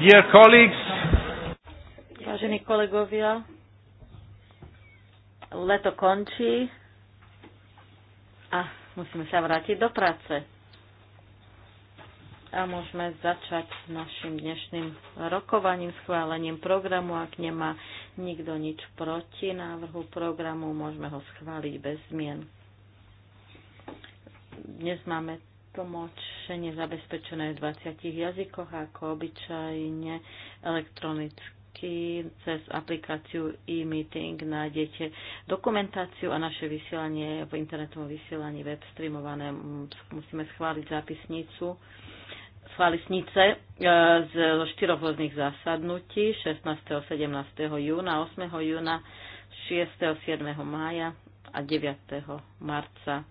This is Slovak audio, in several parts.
Dear colleagues, Vážení kolegovia, leto končí a musíme sa vrátiť do práce. A môžeme začať našim dnešným rokovaním, schválením programu. Ak nemá nikto nič proti návrhu programu, môžeme ho schváliť bez zmien. Dnes máme tlmočenie zabezpečené v 20 jazykoch, ako obyčajne elektronicky cez aplikáciu e-meeting nájdete dokumentáciu a naše vysielanie v internetovom vysielaní web streamované. Musíme schváliť zápisnicu chválisnice e, zo štyroch rôznych zasadnutí 16. 17. júna, 8. júna, 6. 7. mája a 9. marca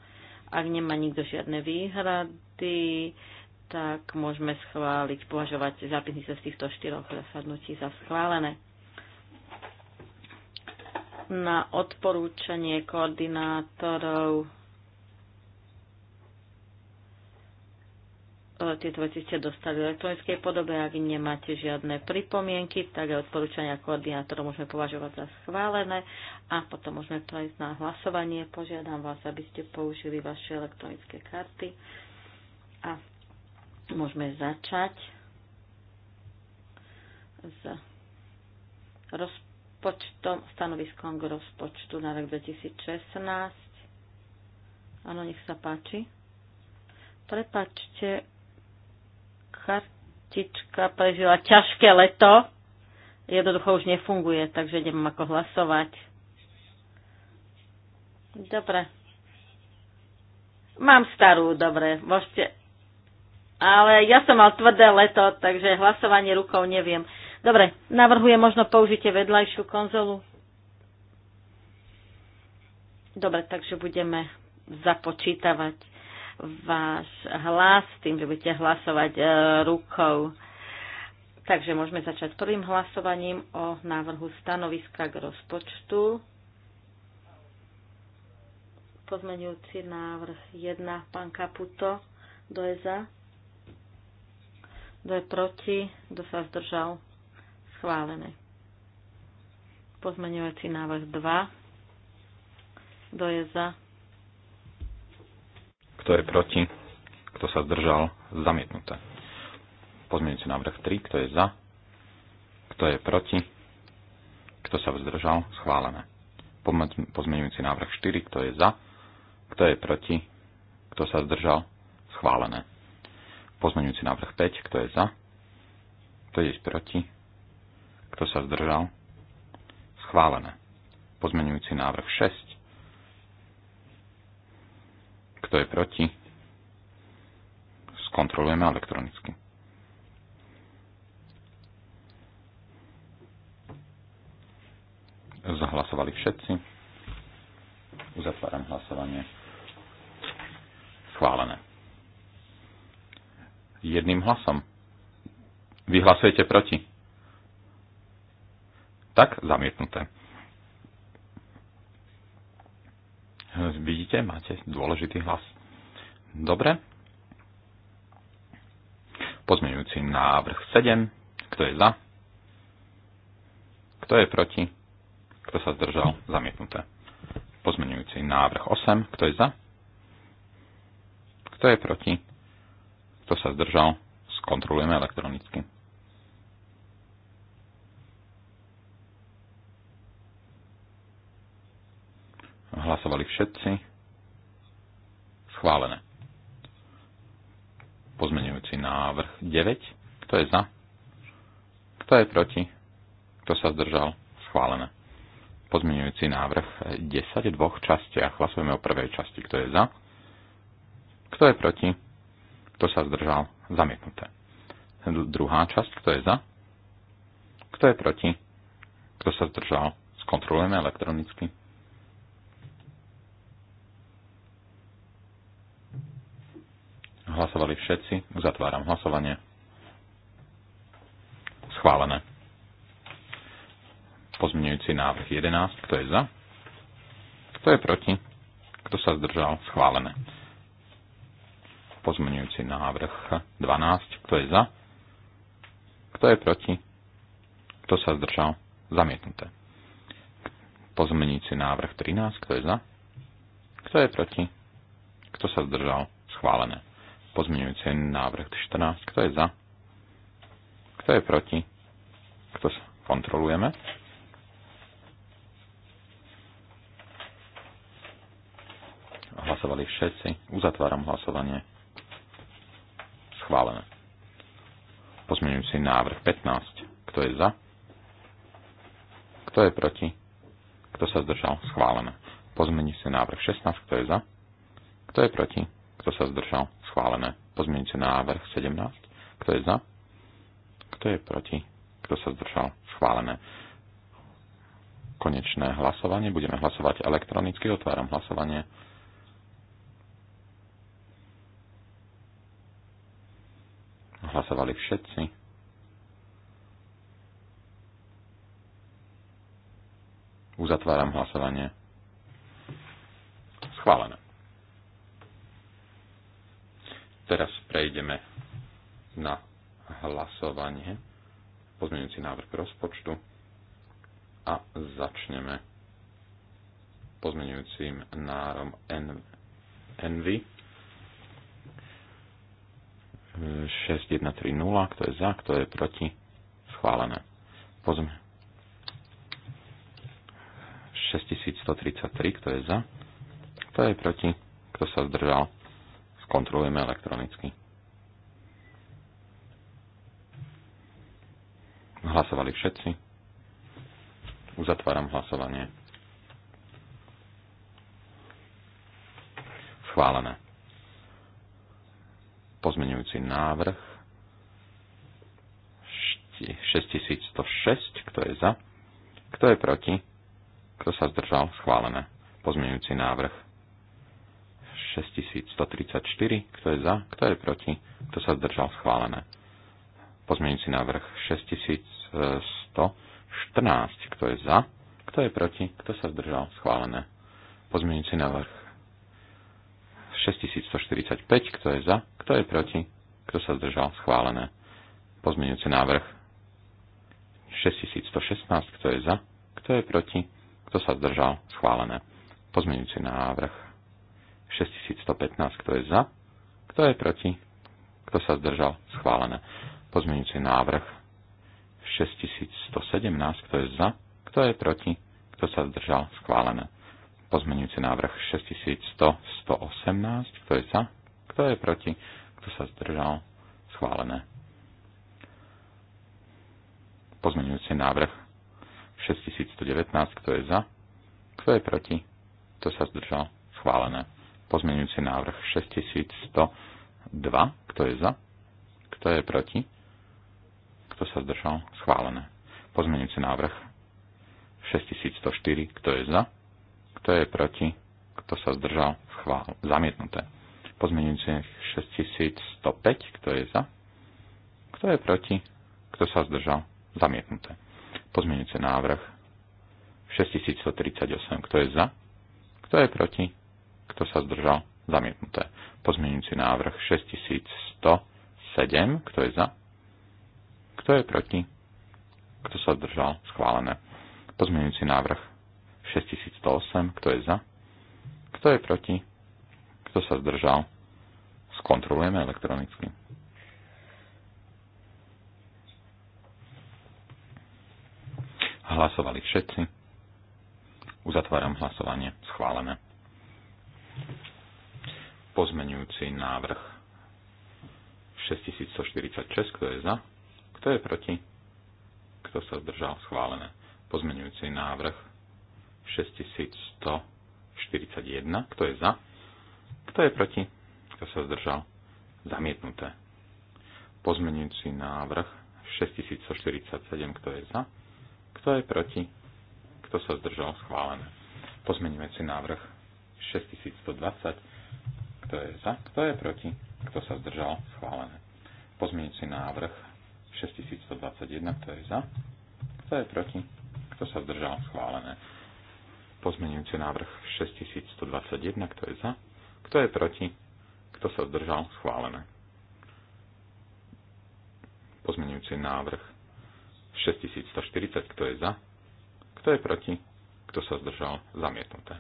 ak nemá nikto žiadne výhrady, tak môžeme schváliť, považovať sa z týchto štyroch zasadnutí za schválené. Na odporúčanie koordinátorov E, tieto veci ste dostali v elektronickej podobe. Ak nemáte žiadne pripomienky, tak aj odporúčania koordinátora môžeme považovať za schválené a potom môžeme prejsť na hlasovanie. Požiadam vás, aby ste použili vaše elektronické karty a môžeme začať s rozpočtom, stanoviskom k rozpočtu na rok 2016. Áno, nech sa páči. Prepačte, Kartička prežila ťažké leto. Jednoducho už nefunguje, takže idem ako hlasovať. Dobre. Mám starú, dobre. Môžete... Ale ja som mal tvrdé leto, takže hlasovanie rukou neviem. Dobre, navrhuje možno použite vedľajšiu konzolu. Dobre, takže budeme započítavať váš hlas tým, že budete hlasovať e, rukou. Takže môžeme začať prvým hlasovaním o návrhu stanoviska k rozpočtu. Pozmenujúci návrh 1, pán Kaputo, kto je za? Kto je proti? Kto sa zdržal? Schválené. Pozmenujúci návrh 2, kto je za? Kto je proti? Kto sa zdržal? Zamietnuté. Pozmienujúci návrh 3. Kto je za? Kto je proti? Kto sa zdržal? Schválené. Pozmienujúci návrh 4. Kto je za? Kto je proti? Kto sa zdržal? Schválené. Pozmeňujúci návrh 5. Kto je za? Kto je proti? Kto sa zdržal? Schválené. Pozmeňujúci návrh 6. Kto je proti? Skontrolujeme elektronicky. Zahlasovali všetci. Uzatváram hlasovanie. Schválené. Jedným hlasom. Vy proti. Tak, zamietnuté. Vidíte, máte dôležitý hlas. Dobre. Pozmeňujúci návrh 7. Kto je za? Kto je proti? Kto sa zdržal? Zamietnuté. Pozmeňujúci návrh 8. Kto je za? Kto je proti? Kto sa zdržal? Skontrolujeme elektronicky. Hlasovali všetci. Schválené. Pozmenujúci návrh 9. Kto je za? Kto je proti? Kto sa zdržal? Schválené. Pozmenujúci návrh 10 v dvoch častiach. Hlasujeme o prvej časti. Kto je za? Kto je proti? Kto sa zdržal? Zamietnuté. Druhá časť. Kto je za? Kto je proti? Kto sa zdržal? Skontrolujeme elektronicky. Hlasovali všetci. Uzatváram hlasovanie. Schválené. Pozmeňujúci návrh 11. Kto je za? Kto je proti? Kto sa zdržal? Schválené. Pozmeňujúci návrh 12. Kto je za? Kto je proti? Kto sa zdržal? Zamietnuté. Pozmeňujúci návrh 13. Kto je za? Kto je proti? Kto sa zdržal? Schválené. Pozmeňujúci návrh 14. Kto je za? Kto je proti? Kto sa kontrolujeme? Hlasovali všetci. Uzatváram hlasovanie. Schválené. Pozmeňujúci návrh 15. Kto je za? Kto je proti? Kto sa zdržal? Schválené. Pozmení si návrh 16. Kto je za? Kto je proti? Kto sa zdržal? Schválené. Pozmienujúci návrh 17. Kto je za? Kto je proti? Kto sa zdržal? Schválené. Konečné hlasovanie. Budeme hlasovať elektronicky. Otváram hlasovanie. Hlasovali všetci. Uzatváram hlasovanie. Schválené. Teraz prejdeme na hlasovanie, pozmeňujúci návrh rozpočtu a začneme pozmeňujúcim nárom Envy 6130, kto je za, kto je proti, schválené. Pozme 6133, kto je za, kto je proti, kto sa zdržal, skontrolujeme elektronicky. Hlasovali všetci. Uzatváram hlasovanie. Schválené. Pozmeňujúci návrh 6106, kto je za, kto je proti, kto sa zdržal, schválené. Pozmeňujúci návrh 6134. Kto je za? Kto je proti? Kto sa zdržal? Schválené. Pozmeňujúci návrh 6114. Kto je za? Kto je proti? Kto sa zdržal? Schválené. Pozmeňujúci návrh 6145. Kto je za? Kto je proti? Kto sa zdržal? Schválené. Pozmeňujúci návrh 6116. Kto je za? Kto je proti? Kto sa zdržal? Schválené. Pozmeňujúci návrh 6115. Kto je za? Kto je proti? Kto sa zdržal? Schválené. Pozmeňujúci návrh 6117. Kto je za? Kto je proti? Kto sa zdržal? Schválené. Pozmeňujúci návrh 6118. Kto je za? Kto je proti? Kto sa zdržal? Schválené. Pozmeňujúci návrh 6119. Kto je za? Kto je proti? Kto sa zdržal? Schválené Pozmeňujúci návrh 6102. Kto je za? Kto je proti? Kto sa zdržal? Schválené. Pozmeňujúci návrh 6104. Kto je za? Kto je proti? Kto sa zdržal? Schvál. Zamietnuté. Pozmeňujúci 6105. Kto je za? Kto je proti? Kto sa zdržal? Zamietnuté. Pozmeňujúci návrh 6138. Kto je za? Kto je proti? Kto sa zdržal? Zamietnuté. Pozmeňujúci návrh 6107. Kto je za? Kto je proti? Kto sa zdržal? Schválené. Pozmeňujúci návrh 6108. Kto je za? Kto je proti? Kto sa zdržal? Skontrolujeme elektronicky. Hlasovali všetci. Uzatváram hlasovanie. Schválené pozmenujúci návrh 6146, kto je za, kto je proti, kto sa zdržal schválené. Pozmenujúci návrh 6141, kto je za, kto je proti, kto sa zdržal zamietnuté. Pozmenujúci návrh 6147, kto je za, kto je proti, kto sa zdržal schválené. Pozmenujúci návrh 6120, kto je za? Kto je proti? Kto sa zdržal? Schválené. Pozmeňujúci návrh 6121. Kto je za? Kto je proti? Kto sa zdržal? Schválené. Pozmeňujúci návrh 6121. Kto je za? Kto je proti? Kto sa zdržal? Schválené. Pozmeňujúci návrh 6140. Kto je za? Kto je proti? Kto sa zdržal? Zamietnuté.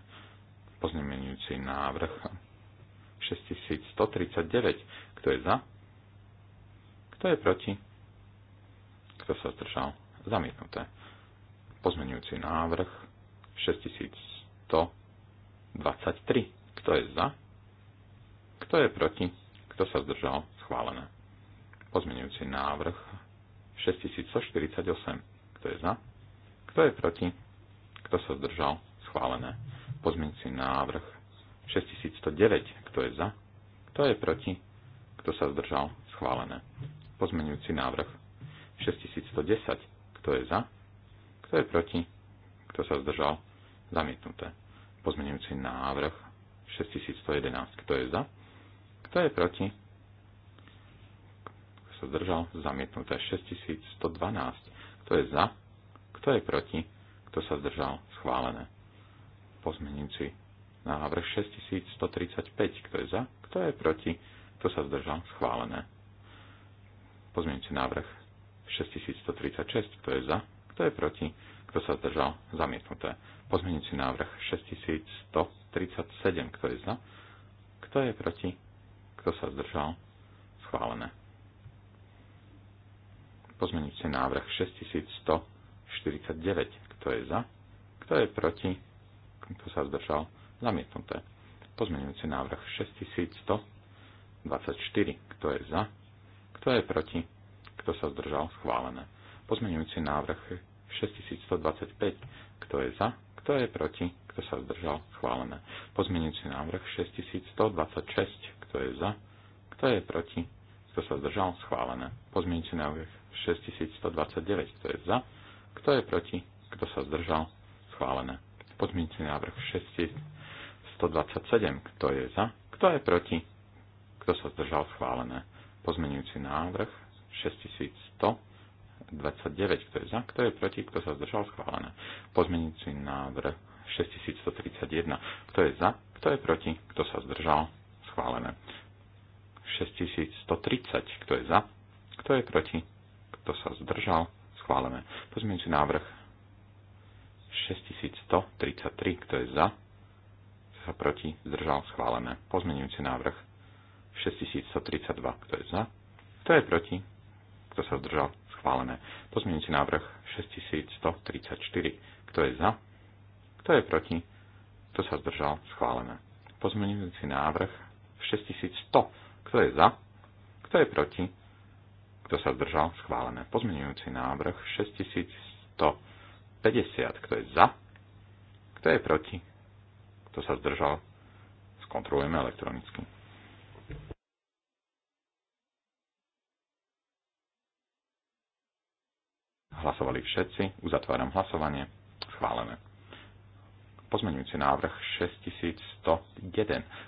Pozmenujúci návrh 6139. Kto je za? Kto je proti? Kto sa zdržal? Zamietnuté. Pozmenujúci návrh 6123. Kto je za? Kto je proti? Kto sa zdržal? Schválené. Pozmenujúci návrh 6148. Kto je za? Kto je proti? Kto sa zdržal? Schválené. Pozmenujúci návrh 6109. Kto je za? Kto je proti? Kto sa zdržal? Schválené. Pozmenujúci návrh 6110. Kto je za? Kto je proti? Kto sa zdržal? Zamietnuté. Pozmenujúci návrh 6111. Kto je za? Kto je proti? Kto sa zdržal? Zamietnuté. 6112. Kto je za? Kto je proti? Kto sa zdržal? Schválené. Pozmenujúci Návrh 6135. Kto je za? Kto je proti? Kto sa zdržal? Schválené. Pozmienujúci návrh 6136. Kto je za? Kto je proti? Kto sa zdržal? Zamietnuté. Pozmienujúci návrh 6137. Kto je za? Kto je proti? Kto sa zdržal? Schválené. Pozmeňujúci návrh 6149. Kto je za? Kto je proti? Kto sa zdržal? Zamietnuté. Pozmeňujúci návrh 6124. Kto je za? Kto je proti? Kto sa zdržal? Schválené. Pozmeňujúci návrh 6125. Kto je za? Kto je proti? Kto sa zdržal? Schválené. Pozmeňujúci návrh 6126. Kto je za? Kto je proti? Kto sa zdržal? Schválené. Pozmeňujúci návrh 6129. Kto je za? Kto je proti? Kto sa zdržal? Schválené. Pozmeňujúci návrh 127. Kto je za? Kto je proti? Kto sa zdržal schválené? Pozmenujúci návrh 6129. Kto je za? Kto je proti? Kto sa zdržal schválené? Pozmenujúci návrh 6131. Kto je za? Kto je proti? Kto sa zdržal schválené? 6130. Kto je za? Kto je proti? Kto sa zdržal schválené? Pozmenujúci návrh 6133. Kto je za? sa proti, zdržal, schválené. Pozmenujúci návrh 6132, kto je za, kto je proti, kto sa zdržal, schválené. Pozmenujúci návrh 6134, kto je za, kto je proti, kto sa zdržal, schválené. Pozmenujúci návrh 6100, kto je za, kto je proti, kto sa zdržal, schválené. Pozmenujúci návrh 6150, kto je za, kto je proti, kto sa zdržal? Skontrolujeme elektronicky. Hlasovali všetci. Uzatváram hlasovanie. Schválené. Pozmeňujúci návrh 6101.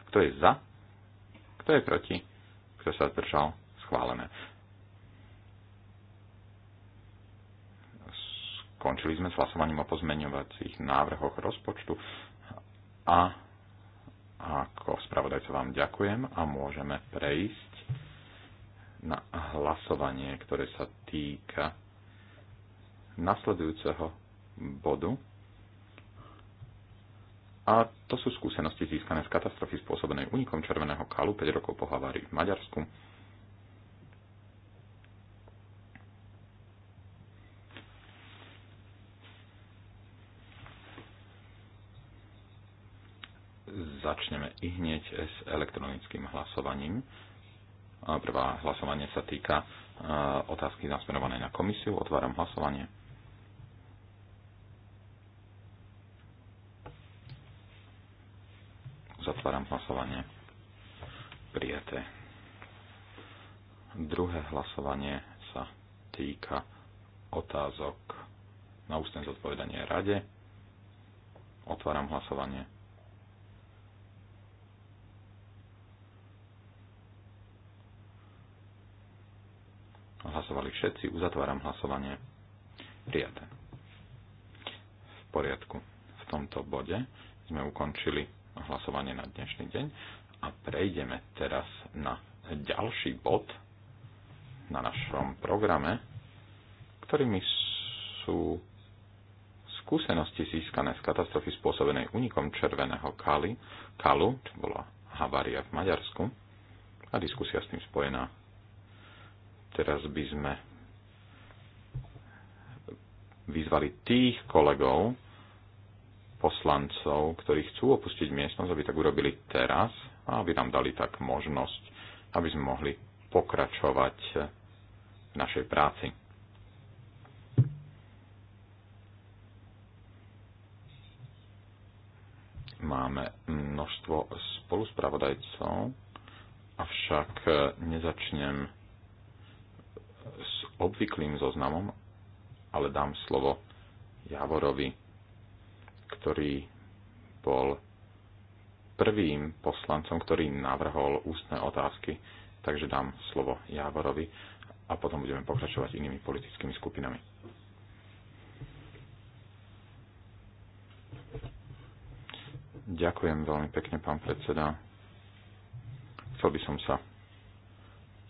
Kto je za? Kto je proti? Kto sa zdržal? Schválené. Skončili sme s hlasovaním o pozmeňovacích návrhoch rozpočtu a ako spravodajca vám ďakujem a môžeme prejsť na hlasovanie, ktoré sa týka nasledujúceho bodu. A to sú skúsenosti získané z katastrofy spôsobenej únikom červeného kalu 5 rokov po havárii v Maďarsku začneme i hneď s elektronickým hlasovaním. Prvá hlasovanie sa týka otázky nasmerované na komisiu. Otváram hlasovanie. Zatváram hlasovanie. Prijete. Druhé hlasovanie sa týka otázok na ústne zodpovedanie rade. Otváram hlasovanie. Hlasovali všetci. Uzatváram hlasovanie. Prijaté. V poriadku. V tomto bode sme ukončili hlasovanie na dnešný deň a prejdeme teraz na ďalší bod na našom programe, ktorými sú skúsenosti získané z katastrofy spôsobenej únikom červeného kali, kalu, čo bola havária v Maďarsku, a diskusia s tým spojená. Teraz by sme vyzvali tých kolegov, poslancov, ktorí chcú opustiť miestnosť, aby tak urobili teraz a aby nám dali tak možnosť, aby sme mohli pokračovať v našej práci. Máme množstvo spoluspravodajcov, avšak nezačnem s obvyklým zoznamom, ale dám slovo Javorovi, ktorý bol prvým poslancom, ktorý navrhol ústne otázky, takže dám slovo Javorovi a potom budeme pokračovať inými politickými skupinami. Ďakujem veľmi pekne, pán predseda. Chcel by som sa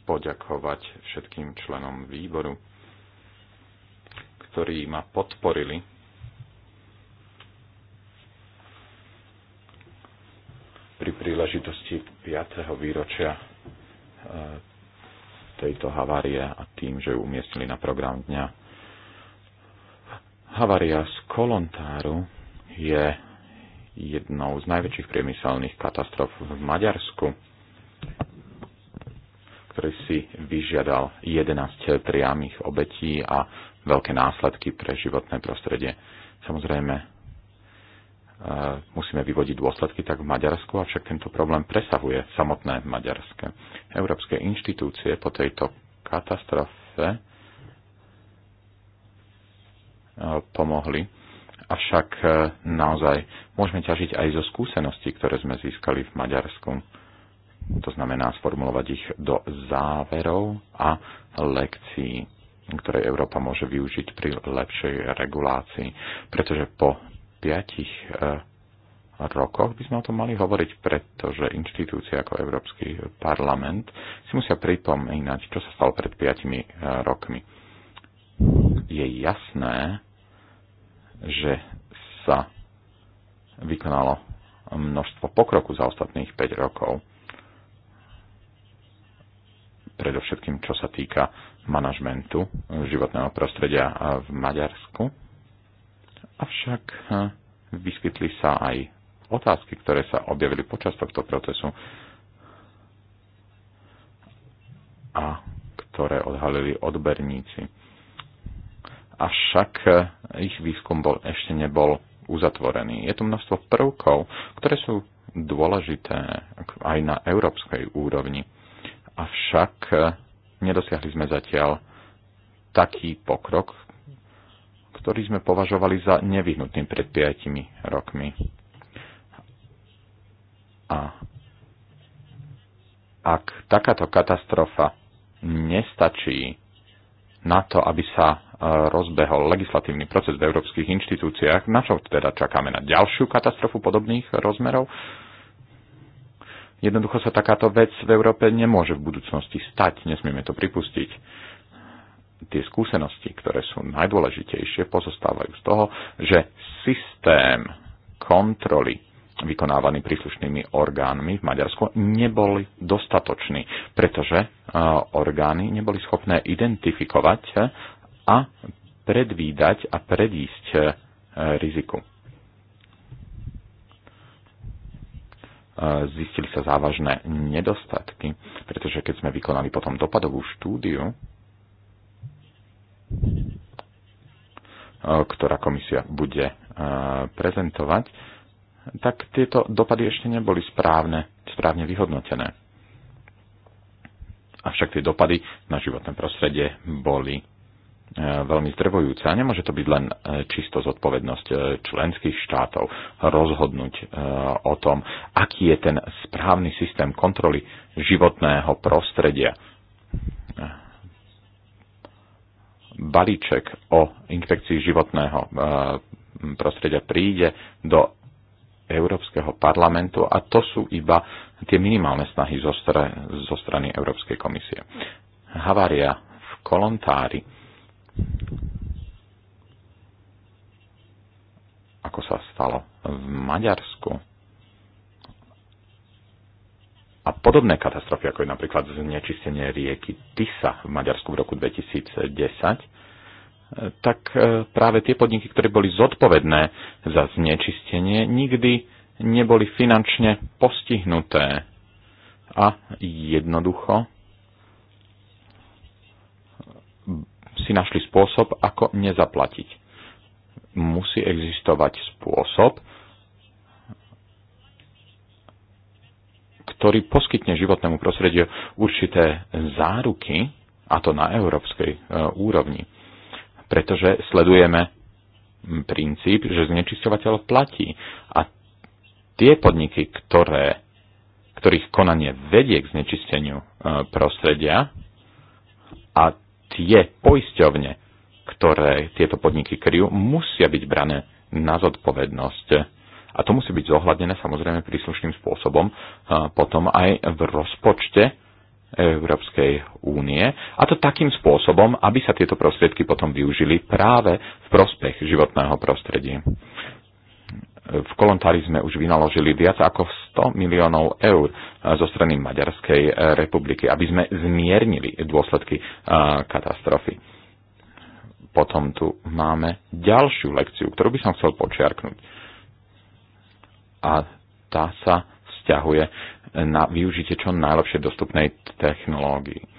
poďakovať všetkým členom výboru, ktorí ma podporili pri príležitosti 5. výročia e, tejto havárie a tým, že ju umiestnili na program dňa. Havária z Kolontáru je jednou z najväčších priemyselných katastrof v Maďarsku ktorý si vyžiadal 11 priamých obetí a veľké následky pre životné prostredie. Samozrejme, e, musíme vyvodiť dôsledky tak v Maďarsku, avšak tento problém presahuje samotné maďarské. Európske inštitúcie po tejto katastrofe e, pomohli, avšak e, naozaj môžeme ťažiť aj zo skúseností, ktoré sme získali v Maďarsku to znamená sformulovať ich do záverov a lekcií, ktoré Európa môže využiť pri lepšej regulácii. Pretože po piatich eh, rokoch by sme o tom mali hovoriť, pretože inštitúcie ako Európsky parlament si musia pripomínať, čo sa stalo pred e, rokmi. Je jasné, že sa vykonalo množstvo pokroku za ostatných 5 rokov predovšetkým čo sa týka manažmentu eh, životného prostredia eh, v Maďarsku. Avšak eh, vyskytli sa aj otázky, ktoré sa objavili počas tohto procesu a ktoré odhalili odberníci. Avšak ich výskum bol, ešte nebol uzatvorený. Je tu množstvo prvkov, ktoré sú dôležité aj na európskej úrovni. Avšak eh, nedosiahli sme zatiaľ taký pokrok, ktorý sme považovali za nevyhnutný pred 5 rokmi. A ak takáto katastrofa nestačí na to, aby sa eh, rozbehol legislatívny proces v európskych inštitúciách, na čo teda čakáme na ďalšiu katastrofu podobných rozmerov? Jednoducho sa takáto vec v Európe nemôže v budúcnosti stať, nesmieme to pripustiť. Tie skúsenosti, ktoré sú najdôležitejšie, pozostávajú z toho, že systém kontroly vykonávaný príslušnými orgánmi v Maďarsku neboli dostatočný, pretože e, orgány neboli schopné identifikovať a predvídať a predísť e, riziku. zistili sa závažné nedostatky, pretože keď sme vykonali potom dopadovú štúdiu, ktorá komisia bude prezentovať, tak tieto dopady ešte neboli správne, správne vyhodnotené. Avšak tie dopady na životné prostredie boli veľmi zdrvojúce a nemôže to byť len e, čisto zodpovednosť e, členských štátov rozhodnúť e, o tom, aký je ten správny systém kontroly životného prostredia. Balíček o infekcii životného prostredia príde do Európskeho parlamentu a to sú iba tie minimálne snahy zo, strany Európskej komisie. Havária v Kolontári ako sa stalo v Maďarsku. A podobné katastrofy, ako je napríklad znečistenie rieky Tisa v Maďarsku v roku 2010, tak e, práve tie podniky, ktoré boli zodpovedné za znečistenie, nikdy neboli finančne postihnuté. A jednoducho si našli spôsob, ako nezaplatiť. Musí existovať spôsob, ktorý poskytne životnému prostrediu určité záruky, a to na európskej e, úrovni. Pretože sledujeme princíp, že znečisťovateľ platí a tie podniky, ktoré, ktorých konanie vedie k znečisteniu e, prostredia a tie poisťovne, ktoré tieto podniky kryjú, musia byť brané na zodpovednosť. A to musí byť zohľadnené samozrejme príslušným spôsobom potom aj v rozpočte Európskej únie. A to takým spôsobom, aby sa tieto prostriedky potom využili práve v prospech životného prostredia v Kolontári sme už vynaložili viac ako 100 miliónov eur eh, zo strany Maďarskej eh, republiky, aby sme zmiernili dôsledky eh, katastrofy. Potom tu máme ďalšiu lekciu, ktorú by som chcel počiarknúť. A tá sa vzťahuje na využitie čo najlepšie dostupnej technológii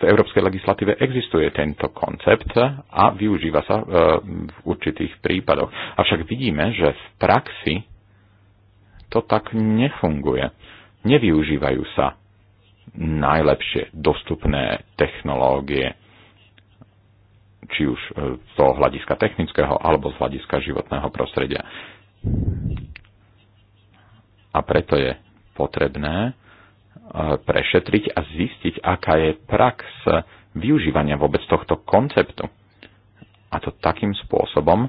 v európskej legislatíve existuje tento koncept a využíva sa e, v určitých prípadoch. Avšak vidíme, že v praxi to tak nefunguje. Nevyužívajú sa najlepšie dostupné technológie, či už e, z toho hľadiska technického alebo z hľadiska životného prostredia. A preto je potrebné E, prešetriť a zistiť, aká je prax využívania vôbec tohto konceptu. A to takým spôsobom,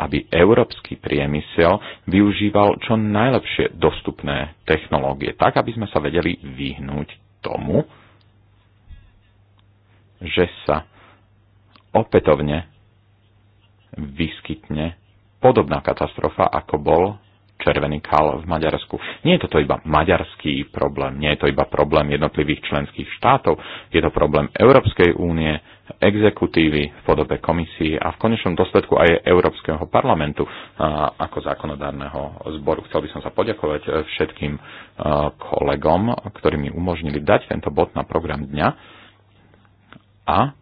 aby európsky priemysel využíval čo najlepšie dostupné technológie, tak aby sme sa vedeli vyhnúť tomu, že sa opätovne vyskytne podobná katastrofa, ako bol červený kal v Maďarsku. Nie je to iba maďarský problém, nie je to iba problém jednotlivých členských štátov, je to problém Európskej únie, exekutívy v podobe komisii a v konečnom dôsledku aj Európskeho parlamentu ako zákonodárneho zboru. Chcel by som sa poďakovať e, všetkým e, kolegom, ktorí mi umožnili dať tento bod na program dňa a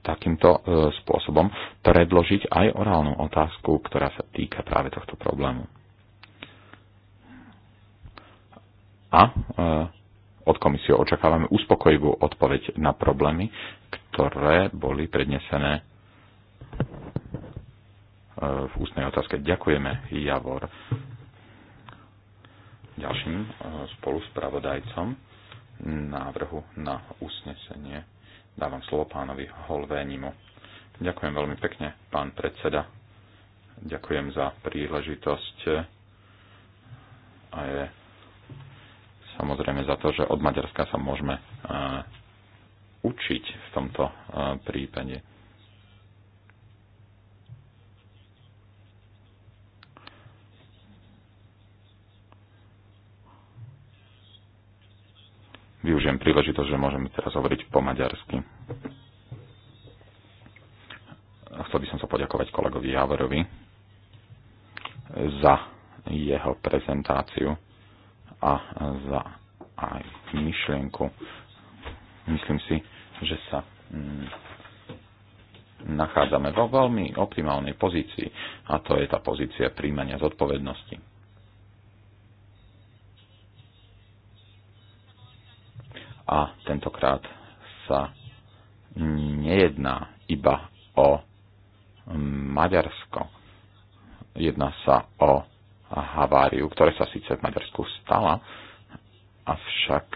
takýmto e, spôsobom predložiť aj orálnu otázku, ktorá sa týka práve tohto problému. A e, od komisie očakávame uspokojivú odpoveď na problémy, ktoré boli prednesené e, v ústnej otázke. Ďakujeme, Javor. Ďalším spoluspravodajcom návrhu na usnesenie Dávam slovo pánovi Holvénimu. Ďakujem veľmi pekne, pán predseda. Ďakujem za príležitosť a je samozrejme za to, že od Maďarska sa môžeme eh, učiť v tomto eh, prípade. využijem príležitosť, že môžem teraz hovoriť po maďarsky. Chcel by som sa poďakovať kolegovi Javorovi za jeho prezentáciu a za aj myšlienku. Myslím si, že sa mm, nachádzame vo veľmi optimálnej pozícii a to je tá pozícia príjmania zodpovednosti. a tentokrát sa nejedná iba o Maďarsko. Jedná sa o haváriu, ktorá sa síce v Maďarsku stala, avšak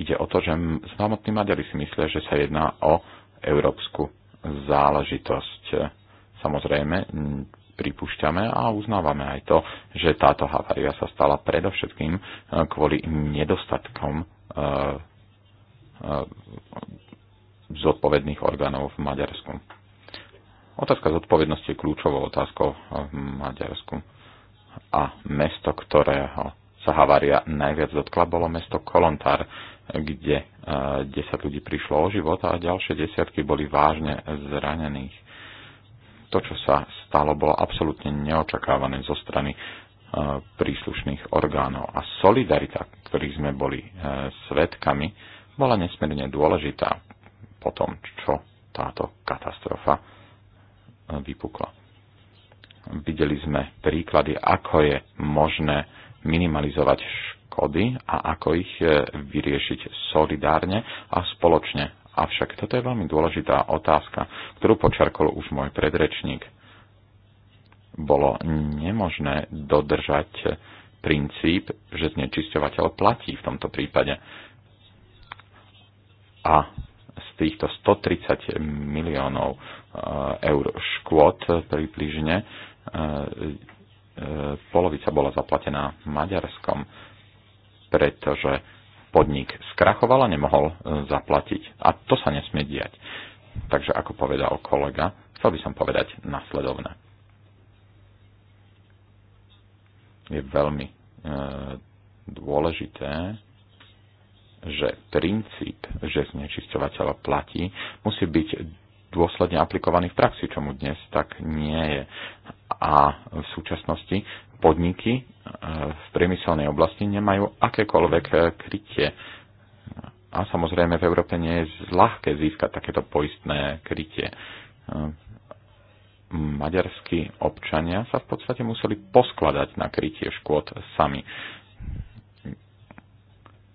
ide o to, že samotní Maďari si myslia, že sa jedná o európsku záležitosť. Samozrejme, pripúšťame a uznávame aj to, že táto havária sa stala predovšetkým e, kvôli nedostatkom e, e, zodpovedných orgánov v Maďarsku. Otázka zodpovednosti je kľúčovou otázkou v Maďarsku. A mesto, ktorého sa havária najviac dotkla, bolo mesto Kolontár, kde 10 ľudí prišlo o život a ďalšie desiatky boli vážne zranených to, čo sa stalo, bolo absolútne neočakávané zo strany e, príslušných orgánov. A solidarita, ktorých sme boli e, svetkami, bola nesmierne dôležitá po tom, čo táto katastrofa e, vypukla. Videli sme príklady, ako je možné minimalizovať škody a ako ich vyriešiť solidárne a spoločne Avšak toto je veľmi dôležitá otázka, ktorú počarkol už môj predrečník. Bolo nemožné dodržať princíp, že znečisťovateľ platí v tomto prípade. A z týchto 130 miliónov eh, eur škôd približne eh, eh, polovica bola zaplatená Maďarskom, pretože podnik skrachoval a nemohol e, zaplatiť. A to sa nesmie diať. Takže ako povedal kolega, chcel by som povedať nasledovné. Je veľmi e, dôležité, že princíp, že znečisťovateľa platí, musí byť dôsledne aplikovaný v praxi, čomu dnes tak nie je. A v súčasnosti podniky eh, v priemyselnej oblasti nemajú akékoľvek eh, krytie. A samozrejme v Európe nie je ľahké získať takéto poistné krytie. Eh, maďarskí občania sa v podstate museli poskladať na krytie škôd sami.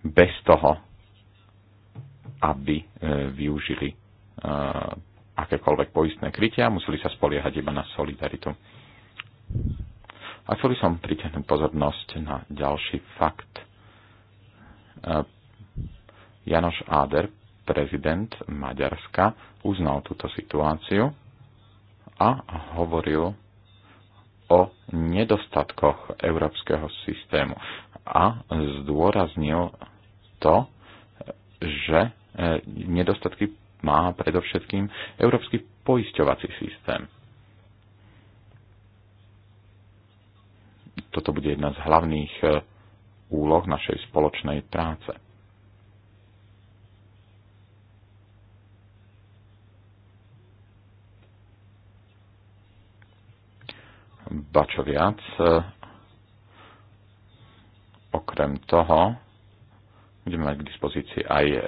Bez toho, aby využili akékoľvek poistné krytia, museli sa spoliehať iba na solidaritu. A chcel by som pritiahnuť pozornosť na ďalší fakt. E, Janoš Áder, prezident Maďarska, uznal túto situáciu a hovoril o nedostatkoch európskeho systému a zdôraznil to, že e, nedostatky má predovšetkým európsky poisťovací systém. toto bude jedna z hlavných e, úloh našej spoločnej práce. Ba čo viac, e, okrem toho, budeme mať k dispozícii aj e,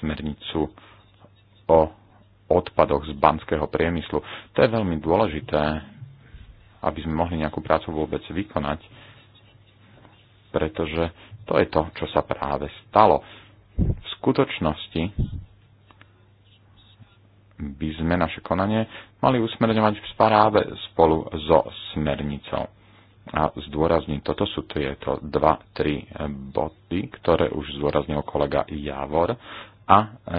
smernicu o odpadoch z banského priemyslu. To je veľmi dôležité aby sme mohli nejakú prácu vôbec vykonať, pretože to je to, čo sa práve stalo. V skutočnosti by sme naše konanie mali usmerňovať v správe spolu so smernicou. A zdôrazním, toto sú tieto dva, tri e, body, ktoré už zdôraznil kolega Javor a e, e,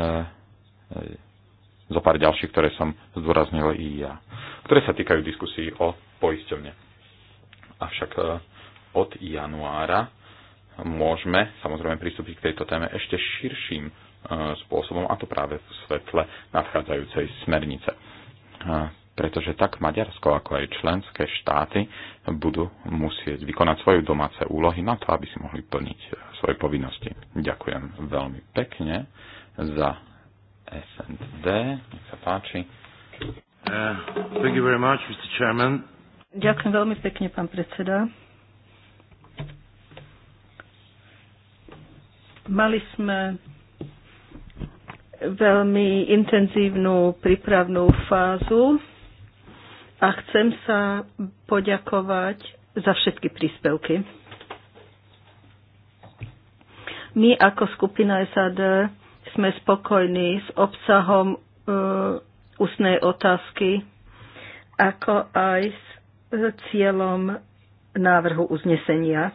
zo pár ďalších, ktoré som zdôraznil i ja, ktoré sa týkajú diskusí o poisťovne. Avšak e, od januára môžeme samozrejme pristúpiť k tejto téme ešte širším e, spôsobom, a to práve v svetle nadchádzajúcej smernice. E, pretože tak Maďarsko, ako aj členské štáty budú musieť vykonať svoje domáce úlohy na to, aby si mohli plniť svoje povinnosti. Ďakujem veľmi pekne za SND. Nech sa páči. Uh, thank you very much, Mr. Chairman. Ďakujem veľmi pekne, pán predseda. Mali sme veľmi intenzívnu prípravnú fázu a chcem sa poďakovať za všetky príspevky. My ako skupina SAD sme spokojní s obsahom e, ústnej otázky, ako aj s cieľom návrhu uznesenia.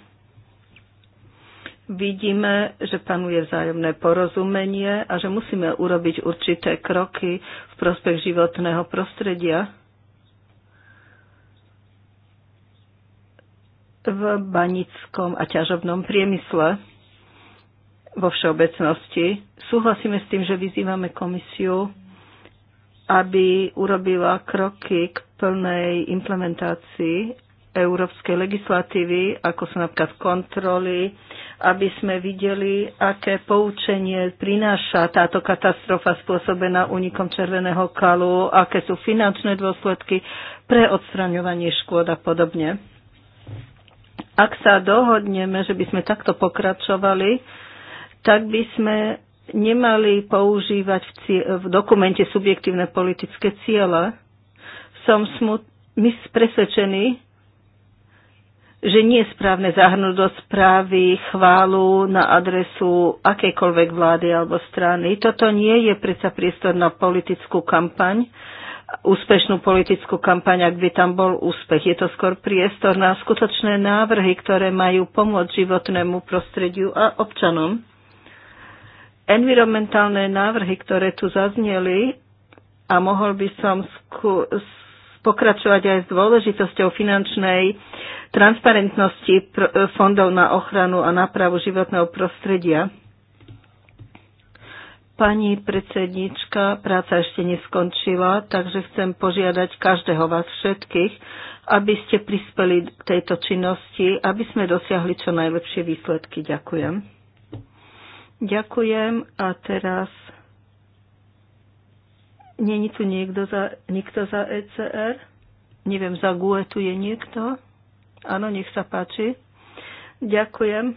Vidíme, že panuje vzájomné porozumenie a že musíme urobiť určité kroky v prospech životného prostredia. v banickom a ťažobnom priemysle vo všeobecnosti. Súhlasíme s tým, že vyzývame komisiu aby urobila kroky k plnej implementácii európskej legislatívy, ako sú napríklad kontroly, aby sme videli, aké poučenie prináša táto katastrofa spôsobená únikom červeného kalu, aké sú finančné dôsledky pre odstraňovanie škôd a podobne. Ak sa dohodneme, že by sme takto pokračovali, tak by sme nemali používať v, cie- v dokumente subjektívne politické ciele. Som smut- presvedčený, že nie je správne zahrnúť do správy chválu na adresu akejkoľvek vlády alebo strany. Toto nie je predsa priestor na politickú kampaň, úspešnú politickú kampaň, ak by tam bol úspech. Je to skôr priestor na skutočné návrhy, ktoré majú pomôcť životnému prostrediu a občanom environmentálne návrhy, ktoré tu zazneli, a mohol by som sku- pokračovať aj s dôležitosťou finančnej transparentnosti fondov na ochranu a nápravu životného prostredia. Pani predsednička, práca ešte neskončila, takže chcem požiadať každého vás všetkých, aby ste prispeli k tejto činnosti, aby sme dosiahli čo najlepšie výsledky. Ďakujem. Ďakujem a teraz Není tu niekto za, nikto za ECR? Neviem, za GUE tu je niekto? Áno, nech sa páči. Ďakujem.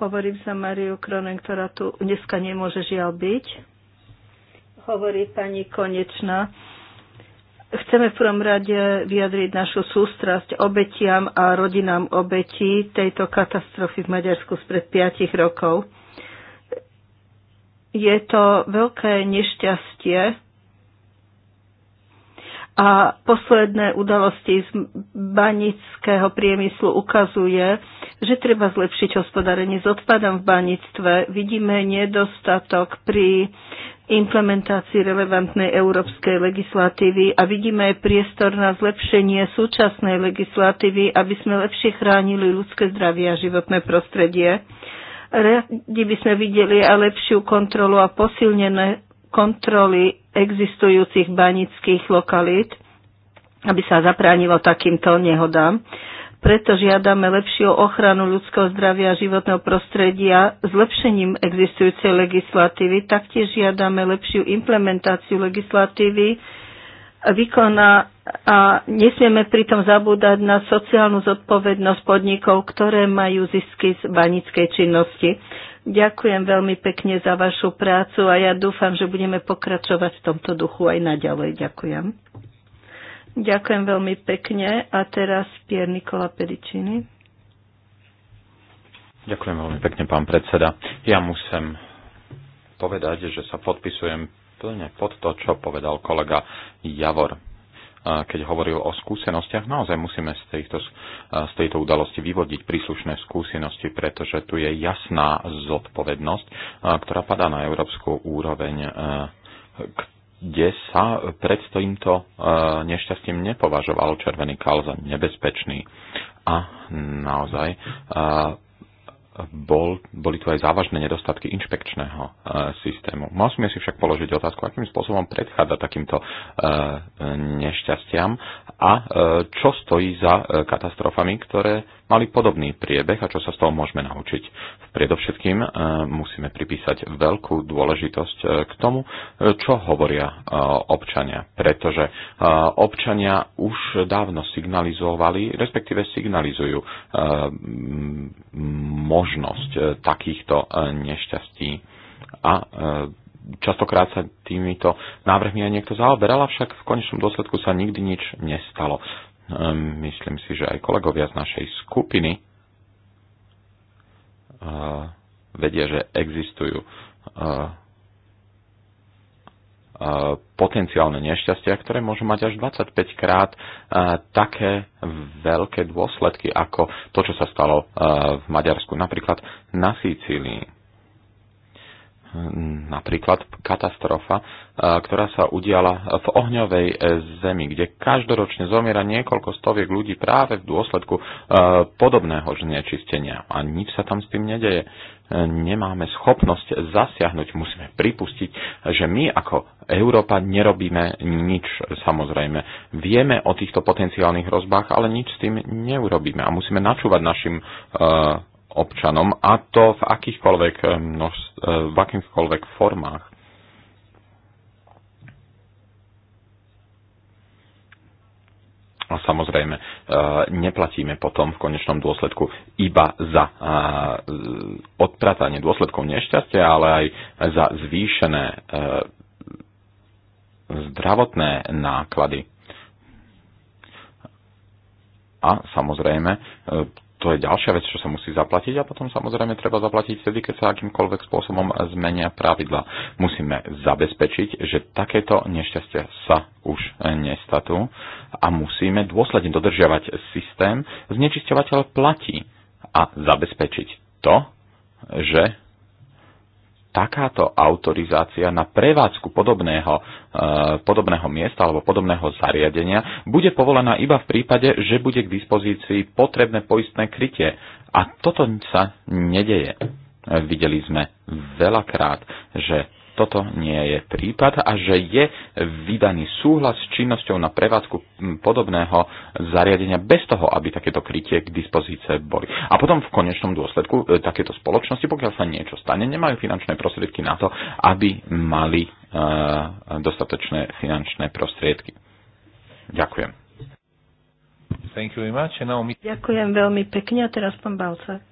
Hovorím za Mariu Kronen, ktorá tu dneska nemôže žiaľ byť. Hovorí pani Konečná. Chceme v prvom rade vyjadriť našu sústrasť obetiam a rodinám obetí tejto katastrofy v Maďarsku spred 5 rokov. Je to veľké nešťastie, a posledné udalosti z banického priemyslu ukazuje, že treba zlepšiť hospodárenie s odpadom v banictve. Vidíme nedostatok pri implementácii relevantnej európskej legislatívy a vidíme aj priestor na zlepšenie súčasnej legislatívy, aby sme lepšie chránili ľudské zdravie a životné prostredie. Radi by sme videli aj lepšiu kontrolu a posilnené kontroly existujúcich banických lokalít, aby sa zapránilo takýmto nehodám. Preto žiadame lepšiu ochranu ľudského zdravia a životného prostredia zlepšením existujúcej legislatívy. Taktiež žiadame lepšiu implementáciu legislatívy výkona a nesmieme pritom zabúdať na sociálnu zodpovednosť podnikov, ktoré majú zisky z banickej činnosti. Ďakujem veľmi pekne za vašu prácu a ja dúfam, že budeme pokračovať v tomto duchu aj naďalej. Ďakujem. Ďakujem veľmi pekne a teraz Pier Nikola Pedičiny. Ďakujem veľmi pekne, pán predseda. Ja musím povedať, že sa podpisujem plne pod to, čo povedal kolega Javor keď hovoril o skúsenostiach, naozaj musíme z, tejto, z tejto udalosti vyvodiť príslušné skúsenosti, pretože tu je jasná zodpovednosť, ktorá padá na európsku úroveň, kde sa pred týmto nešťastím nepovažoval červený kalza nebezpečný. A naozaj bol, boli tu aj závažné nedostatky inšpekčného e, systému. Musíme si však položiť otázku, akým spôsobom predchádza takýmto e, e, nešťastiam a čo stojí za katastrofami, ktoré mali podobný priebeh a čo sa z toho môžeme naučiť. Predovšetkým e, musíme pripísať veľkú dôležitosť e, k tomu, e, čo hovoria občania, pretože občania už dávno signalizovali, respektíve signalizujú možnosť takýchto nešťastí a častokrát sa týmito návrhmi aj niekto zaoberal, avšak v konečnom dôsledku sa nikdy nič nestalo. Ehm, myslím si, že aj kolegovia z našej skupiny eh, vedia, že existujú eh, eh, potenciálne nešťastia, ktoré môžu mať až 25 krát také veľké dôsledky ako to, čo sa stalo v Maďarsku, napríklad na Sicílii. Hm, napríklad katastrofa, e, ktorá sa udiala v ohňovej e, zemi, kde každoročne zomiera niekoľko stoviek ľudí práve v dôsledku e, podobného znečistenia. A nič sa tam s tým nedeje. Nemáme schopnosť zasiahnuť. Musíme pripustiť, že my ako Európa nerobíme nič, samozrejme. Vieme o týchto potenciálnych hrozbách, ale nič s tým neurobíme. A musíme načúvať našim občanom a to v akýchkoľvek, eh, eh, v akýchkoľvek formách. A samozrejme, eh, neplatíme potom v konečnom dôsledku iba za odpratanie dôsledkov nešťastia, ale aj za zvýšené zdravotné náklady. A samozrejme, to je ďalšia vec, čo sa musí zaplatiť a potom samozrejme treba zaplatiť vtedy, keď sa akýmkoľvek spôsobom zmenia pravidla. Musíme zabezpečiť, že takéto nešťastia sa už nestatú a musíme dôsledne dodržiavať systém. Znečisťovateľ platí a zabezpečiť to, že takáto autorizácia na prevádzku podobného, e, podobného miesta alebo podobného zariadenia bude povolená iba v prípade, že bude k dispozícii potrebné poistné krytie. A toto sa nedeje. E, videli sme veľakrát, že toto nie je prípad a že je vydaný súhlas s činnosťou na prevádzku podobného zariadenia bez toho, aby takéto krytie k dispozície boli. A potom v konečnom dôsledku e, takéto spoločnosti, pokiaľ sa niečo stane, nemajú finančné prostriedky na to, aby mali e, dostatočné finančné prostriedky. Ďakujem. Thank you very much. Ďakujem veľmi pekne a teraz pán Balca.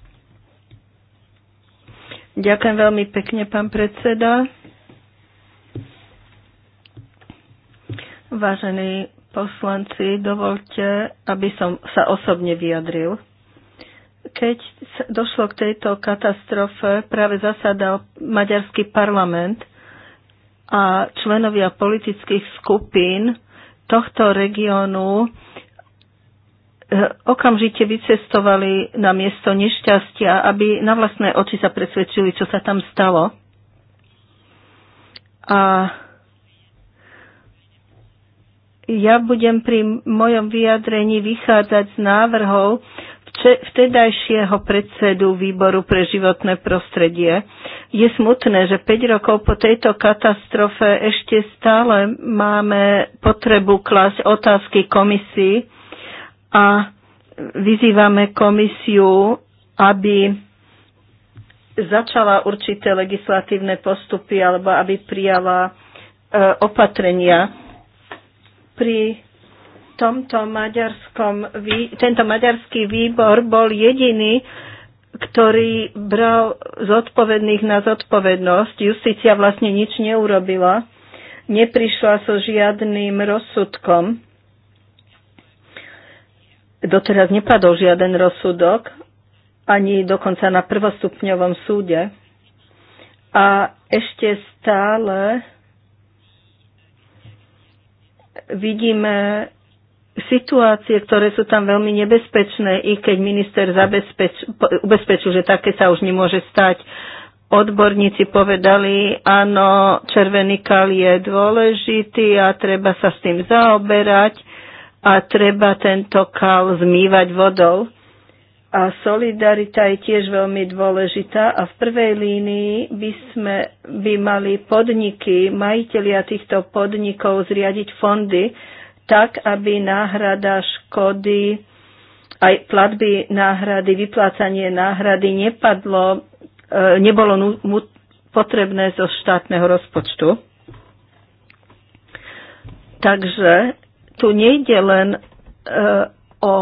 Ďakujem veľmi pekne, pán predseda. Vážení poslanci, dovolte, aby som sa osobne vyjadril. Keď došlo k tejto katastrofe, práve zasadal maďarský parlament a členovia politických skupín tohto regiónu eh, okamžite vycestovali na miesto nešťastia, aby na vlastné oči sa presvedčili, čo sa tam stalo. A ja budem pri mojom vyjadrení vychádzať z návrhov vtedajšieho predsedu výboru pre životné prostredie. Je smutné, že 5 rokov po tejto katastrofe ešte stále máme potrebu klasť otázky komisii a vyzývame komisiu, aby začala určité legislatívne postupy alebo aby prijala e, opatrenia pri tomto maďarskom, tento maďarský výbor bol jediný, ktorý bral zodpovedných na zodpovednosť. Justícia vlastne nič neurobila. Neprišla so žiadnym rozsudkom. Doteraz nepadol žiaden rozsudok, ani dokonca na prvostupňovom súde. A ešte stále vidíme situácie, ktoré sú tam veľmi nebezpečné, i keď minister zabezpeč, ubezpečil, že také sa už nemôže stať. Odborníci povedali, áno, červený kal je dôležitý a treba sa s tým zaoberať a treba tento kal zmývať vodou. A solidarita je tiež veľmi dôležitá a v prvej línii by, sme, by mali podniky, majiteľia týchto podnikov zriadiť fondy tak, aby náhrada škody, aj platby náhrady, vyplácanie náhrady nepadlo, e, nebolo potrebné zo štátneho rozpočtu. Takže tu nejde len e, o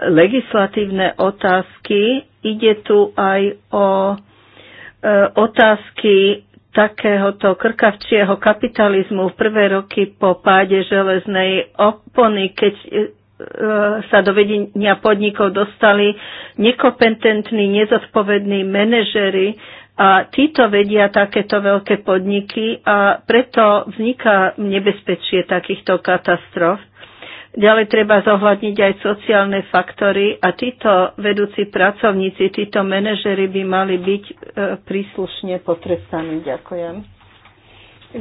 legislatívne otázky. Ide tu aj o e, otázky takéhoto krkavčieho kapitalizmu v prvé roky po páde železnej opony, keď e, e, sa do vedenia podnikov dostali nekompetentní, nezodpovední manažery a títo vedia takéto veľké podniky a preto vzniká nebezpečie takýchto katastrof. Ďalej treba zohľadniť aj sociálne faktory a títo vedúci pracovníci, títo manažery by mali byť e, príslušne potrestaní. Ďakujem.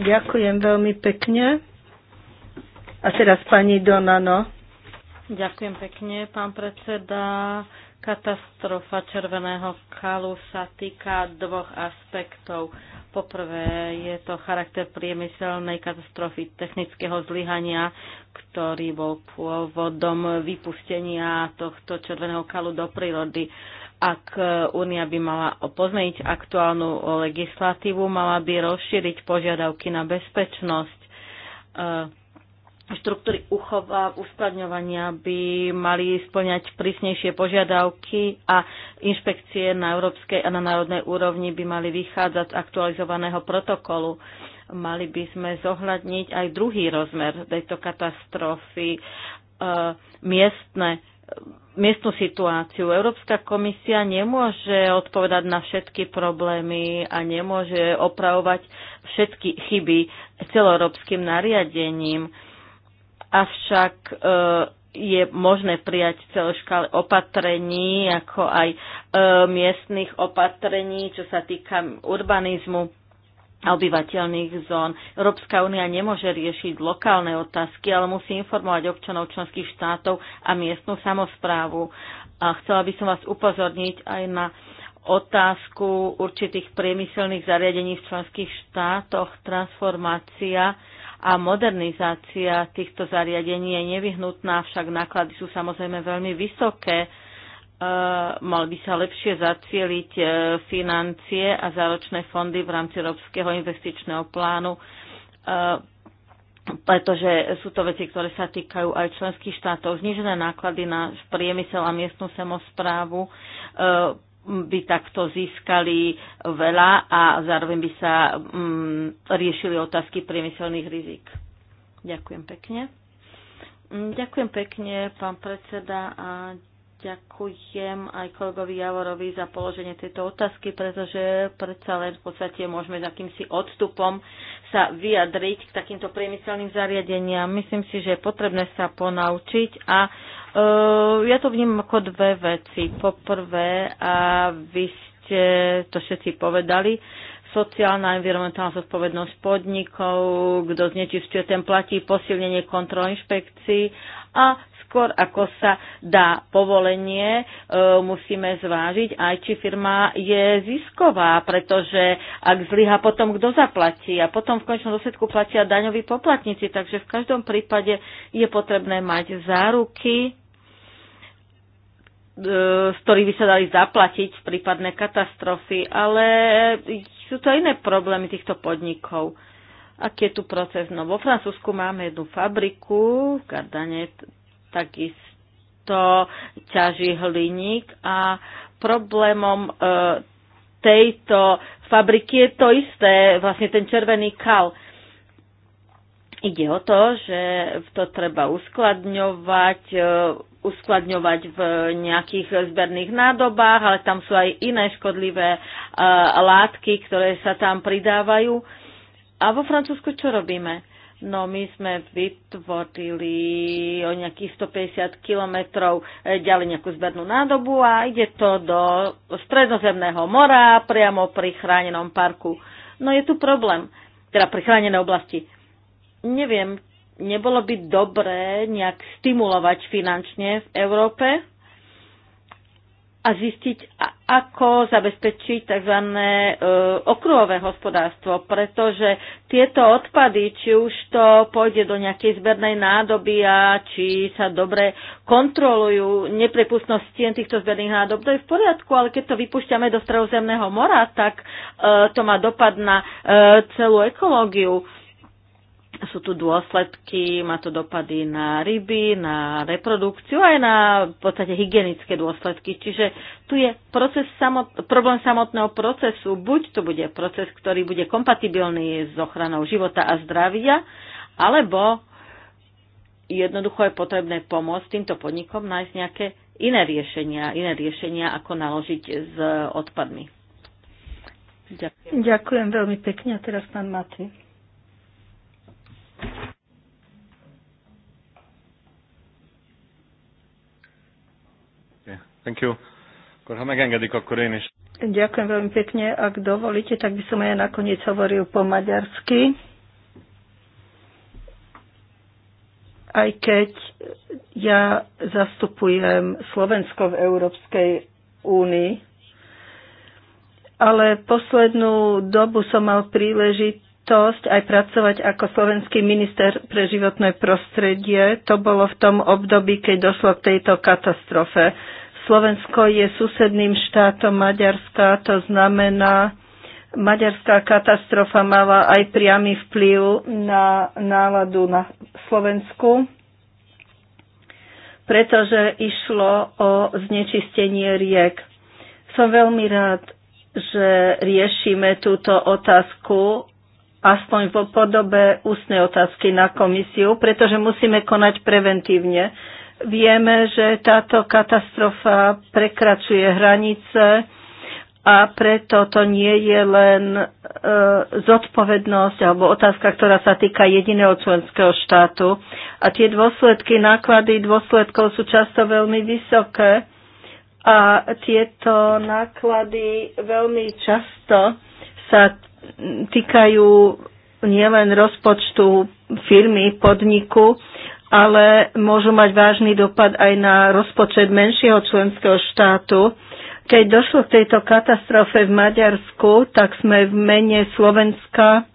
Ďakujem veľmi pekne. A teraz pani Donano. Ďakujem pekne, pán predseda. Katastrofa červeného kalu sa týka dvoch aspektov. Poprvé je to charakter priemyselnej katastrofy technického zlyhania, ktorý bol pôvodom vypustenia tohto červeného kalu do prírody. Ak Únia by mala pozmeniť aktuálnu legislatívu, mala by rozšíriť požiadavky na bezpečnosť e, štruktúry uchova, uskladňovania by mali splňať prísnejšie požiadavky a inšpekcie na európskej a na národnej úrovni by mali vychádzať z aktualizovaného protokolu. Mali by sme zohľadniť aj druhý rozmer tejto katastrofy, e, miestne miestnu situáciu. Európska komisia nemôže odpovedať na všetky problémy a nemôže opravovať všetky chyby celoeurópskym nariadením avšak e, je možné prijať celé škále opatrení, ako aj e, miestnych opatrení, čo sa týka urbanizmu a obyvateľných zón. Európska únia nemôže riešiť lokálne otázky, ale musí informovať občanov členských štátov a miestnú samozprávu. A chcela by som vás upozorniť aj na otázku určitých priemyselných zariadení v členských štátoch, transformácia a modernizácia týchto zariadení je nevyhnutná, však náklady sú samozrejme veľmi vysoké. E, mal by sa lepšie zacieliť e, financie a záročné fondy v rámci Európskeho investičného plánu, e, pretože sú to veci, ktoré sa týkajú aj členských štátov. Znižené náklady na priemysel a miestnú samozprávu e, by takto získali veľa a zároveň by sa mm, riešili otázky priemyselných rizik. Ďakujem pekne. Mm, ďakujem pekne, pán predseda, a ďakujem aj kolegovi Javorovi za položenie tejto otázky, pretože predsa len v podstate môžeme s akýmsi odstupom sa vyjadriť k takýmto priemyselným zariadeniam. Myslím si, že je potrebné sa ponaučiť a Eh, ja to vnímam ako dve veci. Poprvé, a vy ste to všetci povedali, sociálna a environmentálna zodpovednosť podnikov, kto znečistuje, ten platí posilnenie kontrol inšpekcií a skôr ako sa dá povolenie, eh, musíme zvážiť aj, či firma je zisková, pretože ak zlyha potom, kto zaplatí a potom v končnom dôsledku platia daňoví poplatníci, takže v každom prípade je potrebné mať záruky z ktorých by sa dali zaplatiť prípadné katastrofy, ale sú to iné problémy týchto podnikov. Aký je tu proces? No vo Francúzsku máme jednu fabriku, v Gardane takisto ťaží hliník a problémom e, tejto fabriky je to isté, vlastne ten červený kal. Ide o to, že to treba uskladňovať, e, uskladňovať v nejakých zberných nádobách, ale tam sú aj iné škodlivé e, látky, ktoré sa tam pridávajú. A vo Francúzsku čo robíme? No my sme vytvorili o nejakých 150 kilometrov e, ďalej nejakú zbernú nádobu a ide to do stredozemného mora, priamo pri chránenom parku. No je tu problém, teda pri chránenej oblasti. Neviem, nebolo by dobré nejak stimulovať finančne v Európe a zistiť, ako zabezpečiť tzv. E, okruhové hospodárstvo, pretože tieto odpady, či už to pôjde do nejakej zbernej nádoby a či sa dobre kontrolujú, neprepustnosť stien týchto zberných nádob, to je v poriadku, ale keď to vypúšťame do stredozemného mora, tak e, to má dopad na e, celú ekológiu sú tu dôsledky, má to dopady na ryby, na reprodukciu, aj na v podstate hygienické dôsledky. Čiže tu je proces samot, problém samotného procesu. Buď to bude proces, ktorý bude kompatibilný s ochranou života a zdravia, alebo jednoducho je potrebné pomôcť týmto podnikom nájsť nejaké iné riešenia, iné riešenia, ako naložiť s odpadmi. Ďakujem. Ďakujem veľmi pekne. A teraz pán Maty. Thank you. ha megengedik, akkor én is. Ďakujem veľmi pekne. Ak dovolíte, tak by som aj nakoniec hovoril po maďarsky. Aj keď ja zastupujem Slovensko v Európskej únii, ale poslednú dobu som mal príležitosť aj pracovať ako slovenský minister pre životné prostredie. To bolo v tom období, keď došlo k tejto katastrofe Slovensko je susedným štátom Maďarska, to znamená, maďarská katastrofa mala aj priamy vplyv na náladu na Slovensku, pretože išlo o znečistenie riek. Som veľmi rád, že riešime túto otázku aspoň vo podobe ústnej otázky na komisiu, pretože musíme konať preventívne. Vieme, že táto katastrofa prekračuje hranice a preto to nie je len e, zodpovednosť alebo otázka, ktorá sa týka jediného členského štátu. A tie dôsledky, náklady dôsledkov sú často veľmi vysoké a tieto náklady veľmi často sa týkajú nielen rozpočtu firmy, podniku, ale môžu mať vážny dopad aj na rozpočet menšieho členského štátu. Keď došlo k tejto katastrofe v Maďarsku, tak sme v mene Slovenska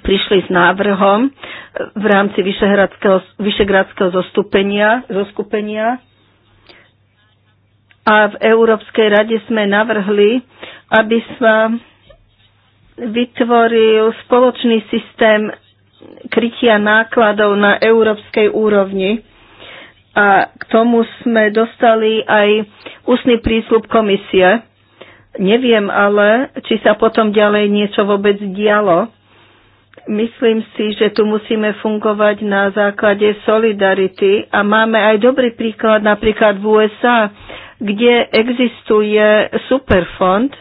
prišli s návrhom v rámci Vyšegradského zostupenia, zoskupenia a v Európskej rade sme navrhli, aby sa vytvoril spoločný systém krytia nákladov na európskej úrovni. A k tomu sme dostali aj ústny prísľub komisie. Neviem ale, či sa potom ďalej niečo vôbec dialo. Myslím si, že tu musíme fungovať na základe solidarity a máme aj dobrý príklad napríklad v USA, kde existuje superfond,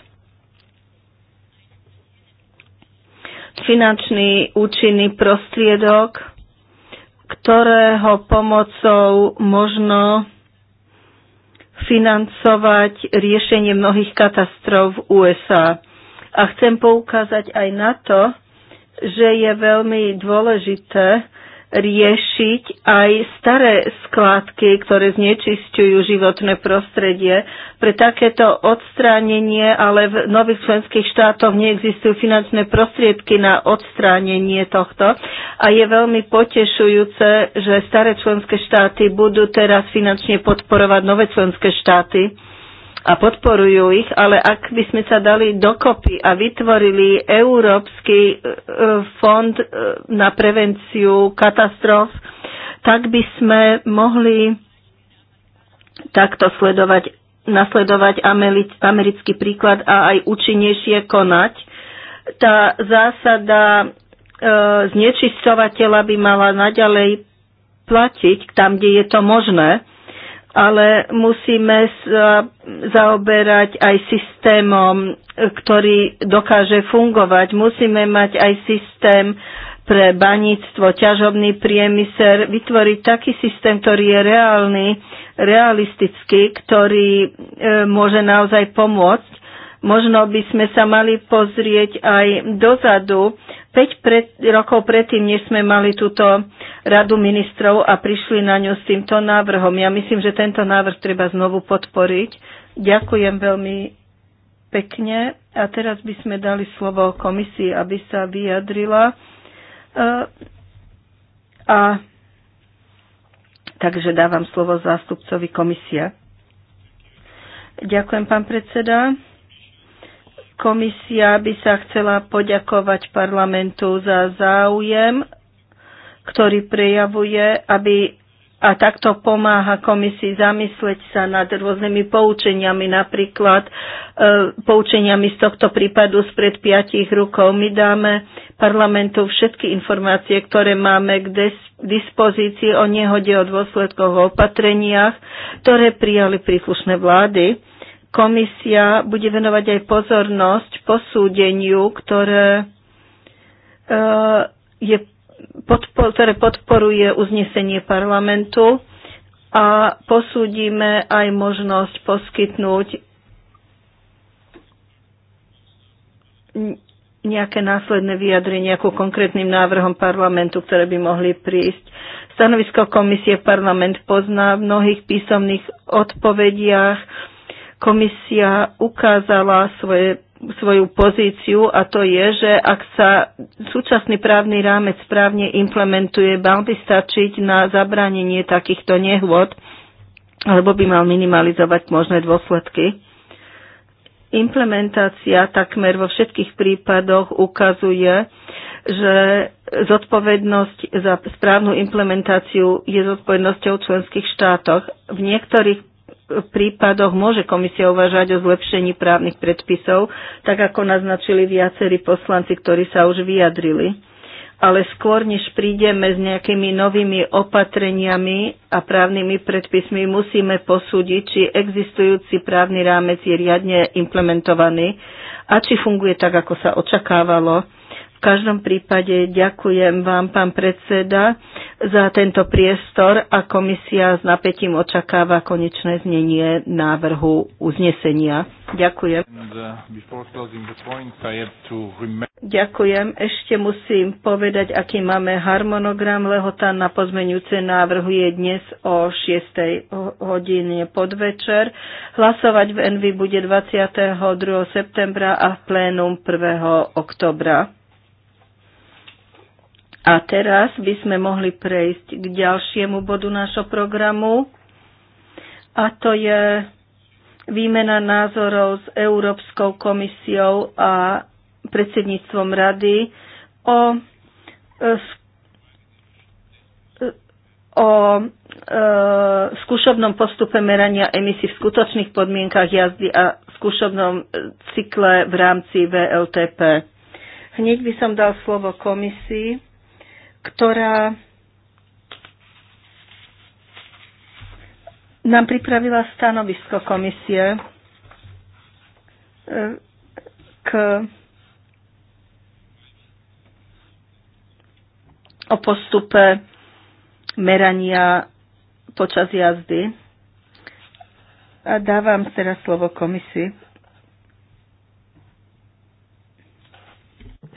finančný účinný prostriedok, ktorého pomocou možno financovať riešenie mnohých katastrof v USA. A chcem poukázať aj na to, že je veľmi dôležité, riešiť aj staré skládky, ktoré znečisťujú životné prostredie. Pre takéto odstránenie ale v nových členských štátoch neexistujú finančné prostriedky na odstránenie tohto a je veľmi potešujúce, že staré členské štáty budú teraz finančne podporovať nové členské štáty a podporujú ich, ale ak by sme sa dali dokopy a vytvorili Európsky e, e, fond e, na prevenciu katastrof, tak by sme mohli takto sledovať, nasledovať americký príklad a aj účinnejšie konať. Tá zásada znečistovateľa by mala naďalej platiť tam, kde je to možné ale musíme sa zaoberať aj systémom, ktorý dokáže fungovať. Musíme mať aj systém pre baníctvo, ťažobný priemysel, vytvoriť taký systém, ktorý je reálny, realistický, ktorý e, môže naozaj pomôcť. Možno by sme sa mali pozrieť aj dozadu, 5 pred, rokov predtým, než sme mali túto radu ministrov a prišli na ňu s týmto návrhom. Ja myslím, že tento návrh treba znovu podporiť. Ďakujem veľmi pekne. A teraz by sme dali slovo komisii, aby sa vyjadrila. Eh, a, takže dávam slovo zástupcovi komisie. Ďakujem, pán predseda. Komisia by sa chcela poďakovať parlamentu za záujem, ktorý prejavuje, aby a takto pomáha komisii zamysleť sa nad rôznymi poučeniami, napríklad e, poučeniami z tohto prípadu spred piatich rokov. My dáme parlamentu všetky informácie, ktoré máme k des, dispozícii o nehode, o dôsledkoch, o opatreniach, ktoré prijali príslušné vlády Komisia bude venovať aj pozornosť posúdeniu, ktoré, eh, je, podpor, ktoré podporuje uznesenie parlamentu a posúdime aj možnosť poskytnúť nejaké následné vyjadrenia ku konkrétnym návrhom parlamentu, ktoré by mohli prísť. Stanovisko komisie parlament pozná v mnohých písomných odpovediach Komisia ukázala svoje, svoju pozíciu a to je, že ak sa súčasný právny rámec správne implementuje, mal by stačiť na zabránenie takýchto nehôd alebo by mal minimalizovať možné dôsledky. Implementácia takmer vo všetkých prípadoch ukazuje, že zodpovednosť za správnu implementáciu je zodpovednosťou členských štátoch. V niektorých prípadoch môže komisia uvažať o zlepšení právnych predpisov, tak ako naznačili viacerí poslanci, ktorí sa už vyjadrili. Ale skôr, než prídeme s nejakými novými opatreniami a právnymi predpismi, musíme posúdiť, či existujúci právny rámec je riadne implementovaný a či funguje tak, ako sa očakávalo v každom prípade ďakujem vám, pán predseda, za tento priestor a komisia s napätím očakáva konečné znenie návrhu uznesenia. Ďakujem. ďakujem. Ešte musím povedať, aký máme harmonogram. Lehota na pozmeňujúce návrhu je dnes o 6. hodine podvečer. Hlasovať v Envy bude 22. septembra a v plénum 1. oktobra. A teraz by sme mohli prejsť k ďalšiemu bodu nášho programu a to je výmena názorov s Európskou komisiou a predsedníctvom rady o, e, e, o e, skúšobnom postupe merania emisí v skutočných podmienkach jazdy a skúšobnom e, cykle v rámci VLTP. Hneď by som dal slovo komisii ktorá nám pripravila stanovisko komisie e, k o postupe merania počas jazdy. A dávam teraz slovo komisii.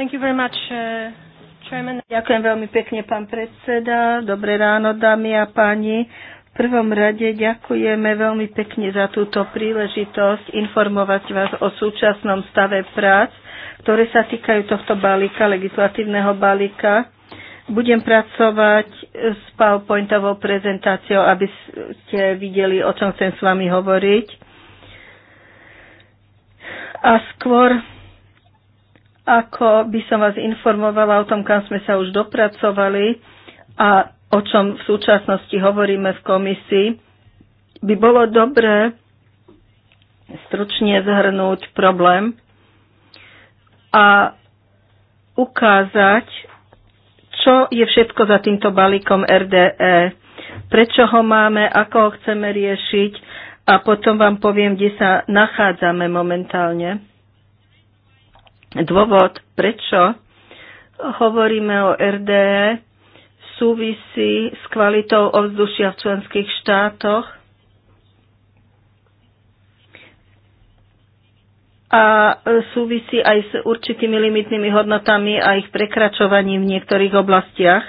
Thank you very much, uh... Chairman. Ďakujem veľmi pekne, pán predseda. Dobré ráno, dámy a páni. V prvom rade ďakujeme veľmi pekne za túto príležitosť informovať vás o súčasnom stave prác, ktoré sa týkajú tohto balíka, legislatívneho balíka. Budem pracovať s PowerPointovou prezentáciou, aby ste videli, o čom chcem s vami hovoriť. A skôr ako by som vás informovala o tom, kam sme sa už dopracovali a o čom v súčasnosti hovoríme v komisii, by bolo dobré stručne zhrnúť problém a ukázať, čo je všetko za týmto balíkom RDE, prečo ho máme, ako ho chceme riešiť a potom vám poviem, kde sa nachádzame momentálne. Dôvod, prečo hovoríme o RDE, súvisí s kvalitou ovzdušia v členských štátoch a súvisí aj s určitými limitnými hodnotami a ich prekračovaním v niektorých oblastiach.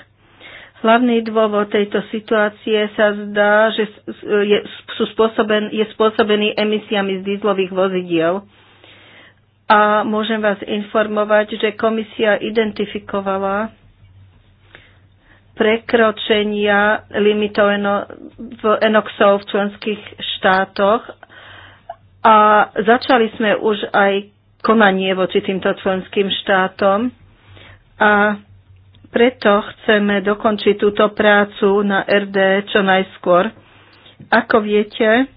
Hlavný dôvod tejto situácie sa zdá, že je, sú spôsoben, je spôsobený emisiami z dýzlových vozidiel. A môžem vás informovať, že komisia identifikovala prekročenia limitov v enoxov v členských štátoch a začali sme už aj konanie voči týmto členským štátom a preto chceme dokončiť túto prácu na RD čo najskôr. Ako viete,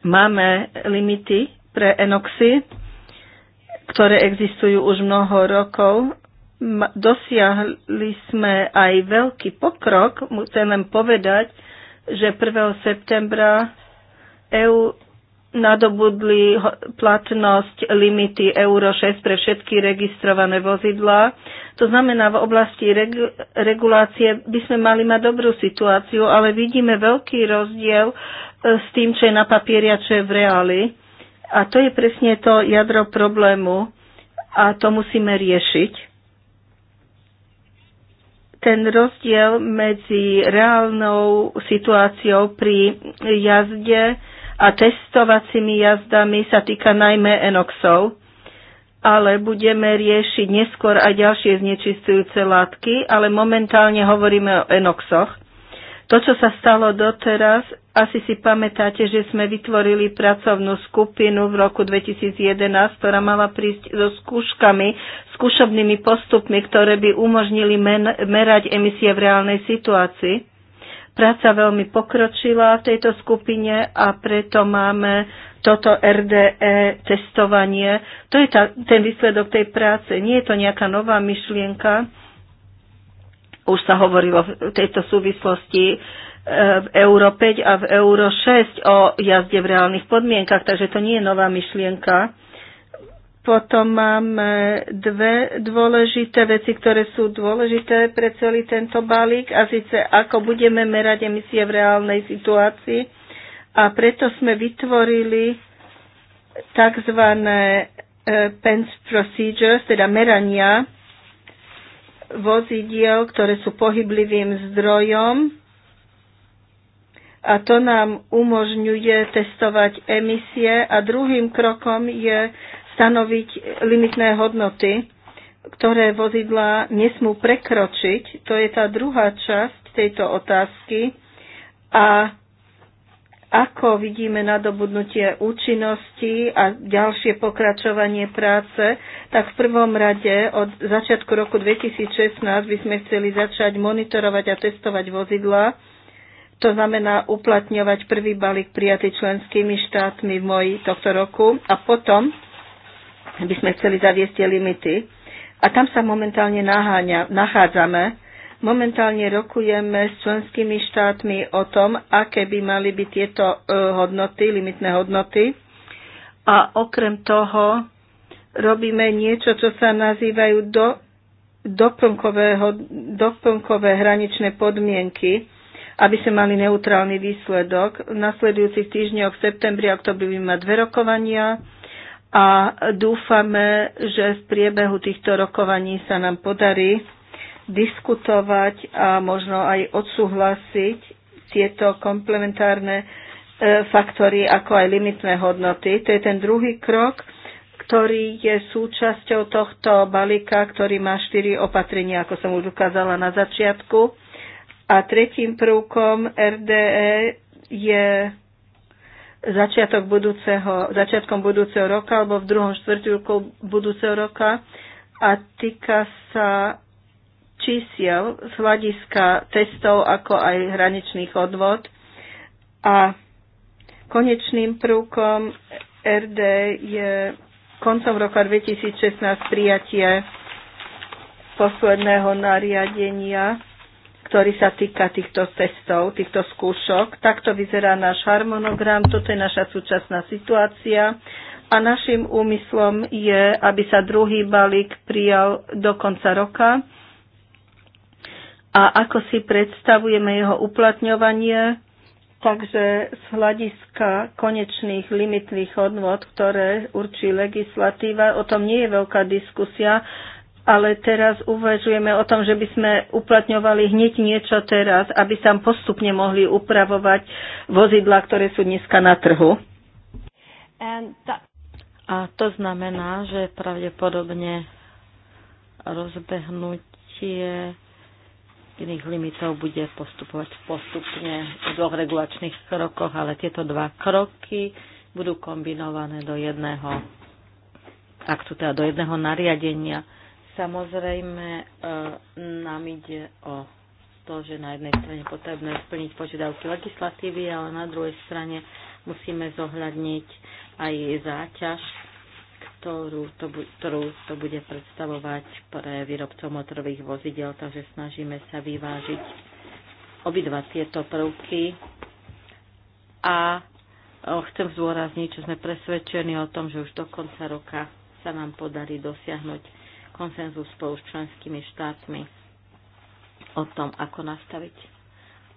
máme limity pre enoxy ktoré existujú už mnoho rokov. Dosiahli sme aj veľký pokrok. Chcem len povedať, že 1. septembra EU nadobudli platnosť limity Euro 6 pre všetky registrované vozidlá. To znamená, v oblasti regulácie by sme mali mať dobrú situáciu, ale vidíme veľký rozdiel e, s tým, čo je na papieri a čo je v reáli. A to je presne to jadro problému a to musíme riešiť ten rozdiel medzi reálnou situáciou pri jazde a testovacími jazdami sa týka najmä enoxov, ale budeme riešiť neskôr aj ďalšie znečistujúce látky, ale momentálne hovoríme o enoxoch. To, čo sa stalo doteraz, asi si pamätáte, že sme vytvorili pracovnú skupinu v roku 2011, ktorá mala prísť so skúškami, skúšobnými postupmi, ktoré by umožnili merať emisie v reálnej situácii. Práca veľmi pokročila v tejto skupine a preto máme toto RDE testovanie. To je tá, ten výsledok tej práce. Nie je to nejaká nová myšlienka už sa hovorilo v tejto súvislosti e, v Euro 5 a v Euro 6 o jazde v reálnych podmienkach, takže to nie je nová myšlienka. Potom máme dve dôležité veci, ktoré sú dôležité pre celý tento balík a síce ako budeme merať emisie v reálnej situácii a preto sme vytvorili tzv. E, PENS procedures, teda merania vozidiel, ktoré sú pohyblivým zdrojom a to nám umožňuje testovať emisie a druhým krokom je stanoviť limitné hodnoty, ktoré vozidla nesmú prekročiť. To je tá druhá časť tejto otázky a ako vidíme nadobudnutie účinnosti a ďalšie pokračovanie práce, tak v prvom rade od začiatku roku 2016 by sme chceli začať monitorovať a testovať vozidla. To znamená uplatňovať prvý balík prijatý členskými štátmi v moji tohto roku a potom by sme chceli zaviesť limity. A tam sa momentálne naháňa, nachádzame. Momentálne rokujeme s členskými štátmi o tom, aké by mali byť tieto e, hodnoty, limitné hodnoty. A okrem toho robíme niečo, čo sa nazývajú do, doplnkové, doplnkové hraničné podmienky, aby sme mali neutrálny výsledok. V nasledujúcich týždňoch v septembri a oktobri by mať dve rokovania a dúfame, že v priebehu týchto rokovaní sa nám podarí diskutovať a možno aj odsúhlasiť tieto komplementárne e, faktory ako aj limitné hodnoty. To je ten druhý krok, ktorý je súčasťou tohto balíka, ktorý má štyri opatrenia, ako som už ukázala na začiatku. A tretím prvkom RDE je začiatok budúceho, začiatkom budúceho roka alebo v druhom štvrtú budúceho roka a týka sa čísiel z hľadiska testov, ako aj hraničných odvod. A konečným prúkom RD je koncom roka 2016 prijatie posledného nariadenia, ktorý sa týka týchto testov, týchto skúšok. Takto vyzerá náš harmonogram, toto je naša súčasná situácia a našim úmyslom je, aby sa druhý balík prijal do konca roka a ako si predstavujeme jeho uplatňovanie. Takže z hľadiska konečných limitných odvod, ktoré určí legislatíva, o tom nie je veľká diskusia, ale teraz uvažujeme o tom, že by sme uplatňovali hneď niečo teraz, aby sa postupne mohli upravovať vozidla, ktoré sú dneska na trhu. A to znamená, že pravdepodobne rozbehnutie iných limitov bude postupovať postupne v dvoch regulačných krokoch, ale tieto dva kroky budú kombinované do jedného aktu, teda do jedného nariadenia. Samozrejme, e, nám ide o to, že na jednej strane potrebné splniť požiadavky legislatívy, ale na druhej strane musíme zohľadniť aj záťaž ktorú to, ktorú to bude predstavovať pre výrobcov motorových vozidel, takže snažíme sa vyvážiť obidva tieto prvky a chcem zdôrazniť, že sme presvedčení o tom, že už do konca roka sa nám podarí dosiahnuť konsenzus spolu s členskými štátmi o tom, ako nastaviť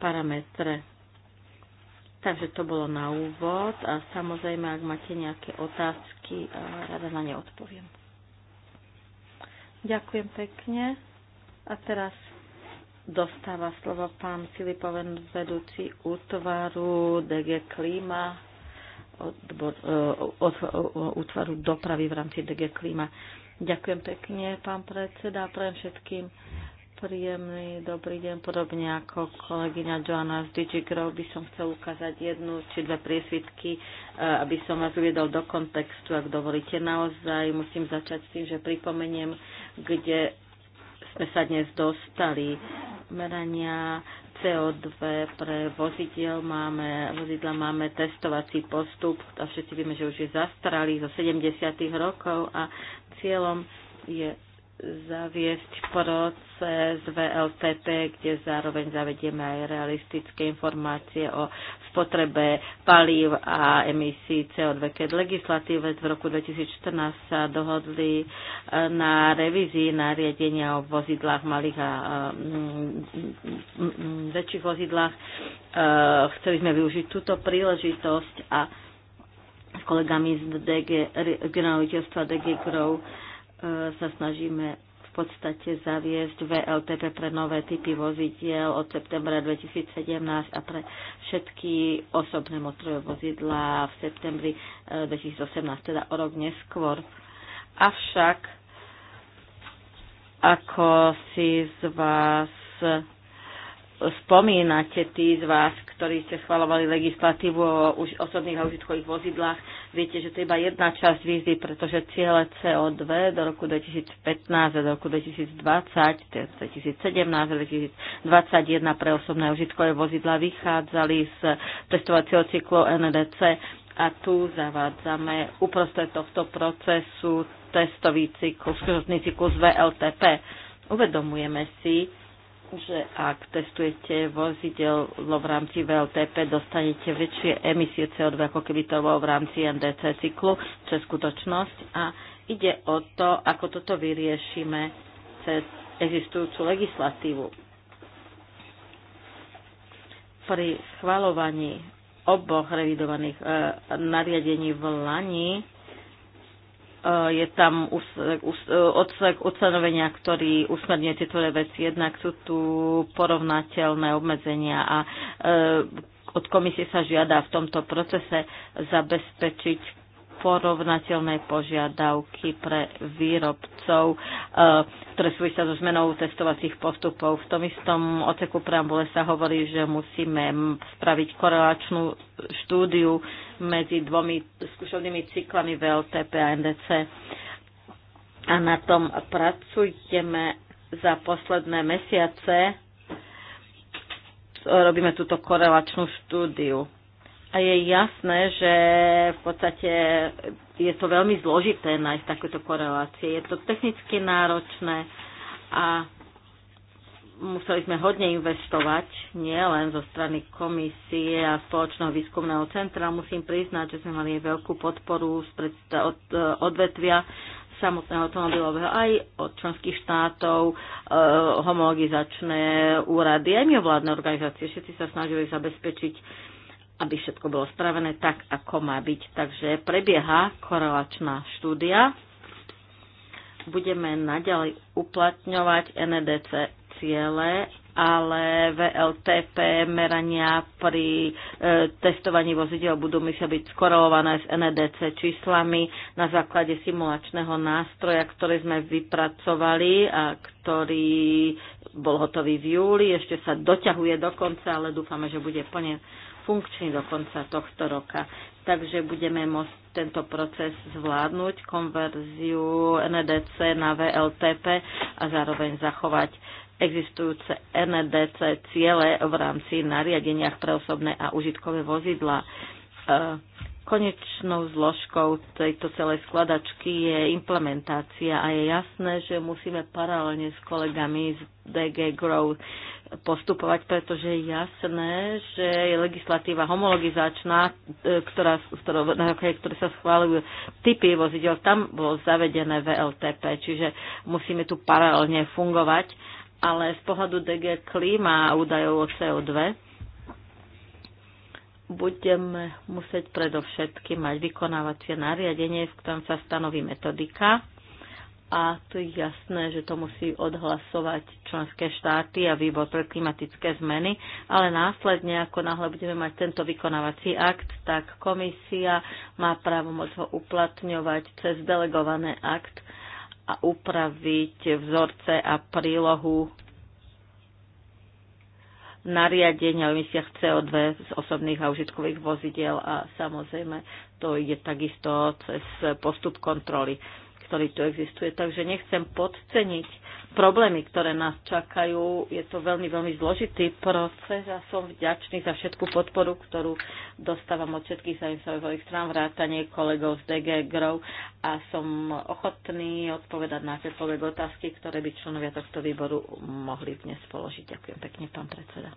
parametre Takže to bolo na úvod a samozrejme, ak máte nejaké otázky, eh, rada na ne odpoviem. Ďakujem pekne. A teraz dostáva slovo pán Filipoven, vedúci útvaru DG klima odbor, eh, od, eh, útvaru dopravy v rámci DG klima. Ďakujem pekne, pán predseda, prajem všetkým Príjemný dobrý deň, podobne ako kolegyňa Joana z DigiGrow by som chcel ukázať jednu či dve priesvitky, eh, aby som vás uviedol do kontextu, ak dovolíte. Naozaj musím začať s tým, že pripomeniem, kde sme sa dnes dostali. Merania CO2 pre vozidiel máme, vozidla máme testovací postup a všetci vieme, že už je zastaralý zo 70. rokov a cieľom je zaviesť proces VLTP, kde zároveň zavedieme aj realistické informácie o spotrebe palív a emisí CO2. Keď legislatíve v roku 2014 sa dohodli e, na revízii nariadenia o vozidlách malých a väčších vozidlách, e, chceli sme využiť túto príležitosť a s kolegami z DG, generáliteľstva DG Grow sa snažíme v podstate zaviesť VLTP pre nové typy vozidiel od septembra 2017 a pre všetky osobné motorové vozidlá v septembri 2018, e, teda o rok neskôr. Avšak, ako si z vás spomínate tí z vás, ktorí ste schvalovali legislatívu o už osobných a užitkových vozidlách. Viete, že to je iba jedna časť výzvy, pretože ciele CO2 do roku 2015 a do roku 2020, 2017 a 2021 pre osobné a užitkové vozidla vychádzali z testovacieho cyklu NDC a tu zavádzame uprostred tohto procesu testový cyklus, skutočný cyklus VLTP. Uvedomujeme si, že ak testujete vozidel v rámci VLTP, dostanete väčšie emisie CO2, ako keby to bolo v rámci NDC cyklu, čo je skutočnosť. A ide o to, ako toto vyriešime cez existujúcu legislatívu. Pri schvalovaní oboch revidovaných e, nariadení v Lani Eh, je tam odsek ustanovenia, ktorý usmerňuje tieto veci. Jednak sú tu porovnateľné obmedzenia a eh, od komisie sa žiada v tomto procese zabezpečiť porovnateľné požiadavky pre výrobcov, e, ktoré súvisia so zmenou testovacích postupov. V tom istom oceku preambule sa hovorí, že musíme spraviť korelačnú štúdiu medzi dvomi skúšovnými cyklami VLTP a NDC. A na tom pracujeme za posledné mesiace. Robíme túto korelačnú štúdiu a je jasné, že v podstate je to veľmi zložité nájsť takéto korelácie. Je to technicky náročné a museli sme hodne investovať, nie len zo strany komisie a spoločného výskumného centra. Musím priznať, že sme mali veľkú podporu z predsta- od, eh, odvetvia samotného automobilového aj od členských štátov, e, homologizačné úrady, aj mimovládne organizácie. Všetci sa snažili zabezpečiť aby všetko bolo spravené tak, ako má byť. Takže prebieha korelačná štúdia. Budeme naďalej uplatňovať NDC e ciele, ale VLTP merania pri e, testovaní vozidel budú musia byť skorelované s NDC e číslami na základe simulačného nástroja, ktorý sme vypracovali a ktorý bol hotový v júli. Ešte sa doťahuje do konca, ale dúfame, že bude plne funkčný do konca tohto roka. Takže budeme môcť tento proces zvládnuť, konverziu NDC na VLTP a zároveň zachovať existujúce NDC ciele v rámci nariadeniach pre osobné a užitkové vozidla. E, Konečnou zložkou tejto celej skladačky je implementácia a je jasné, že musíme paralelne s kolegami z DG Growth postupovať, pretože je jasné, že je legislatíva homologizačná, e, ktorá, na ktoré sa schváľujú typy vozidel, tam bolo zavedené VLTP, čiže musíme tu paralelne fungovať, ale z pohľadu DG klima a údajov o CO2 budeme musieť predovšetkým mať vykonávacie nariadenie, v ktorom sa stanoví metodika. A tu je jasné, že to musí odhlasovať členské štáty a výbor pre klimatické zmeny, ale následne, ako náhle budeme mať tento vykonávací akt, tak komisia má právomoc ho uplatňovať cez delegované akt a upraviť vzorce a prílohu nariadenia o emisiách CO2 z osobných a užitkových vozidiel a samozrejme to ide takisto cez postup kontroly ktorý tu existuje. Takže nechcem podceniť problémy, ktoré nás čakajú. Je to veľmi, veľmi zložitý proces a som vďačný za všetku podporu, ktorú dostávam od všetkých zainteresovaných strán, vrátanie kolegov z DG Grow a som ochotný odpovedať na akékoľvek otázky, ktoré by členovia tohto výboru mohli dnes položiť. Ďakujem pekne, pán predseda.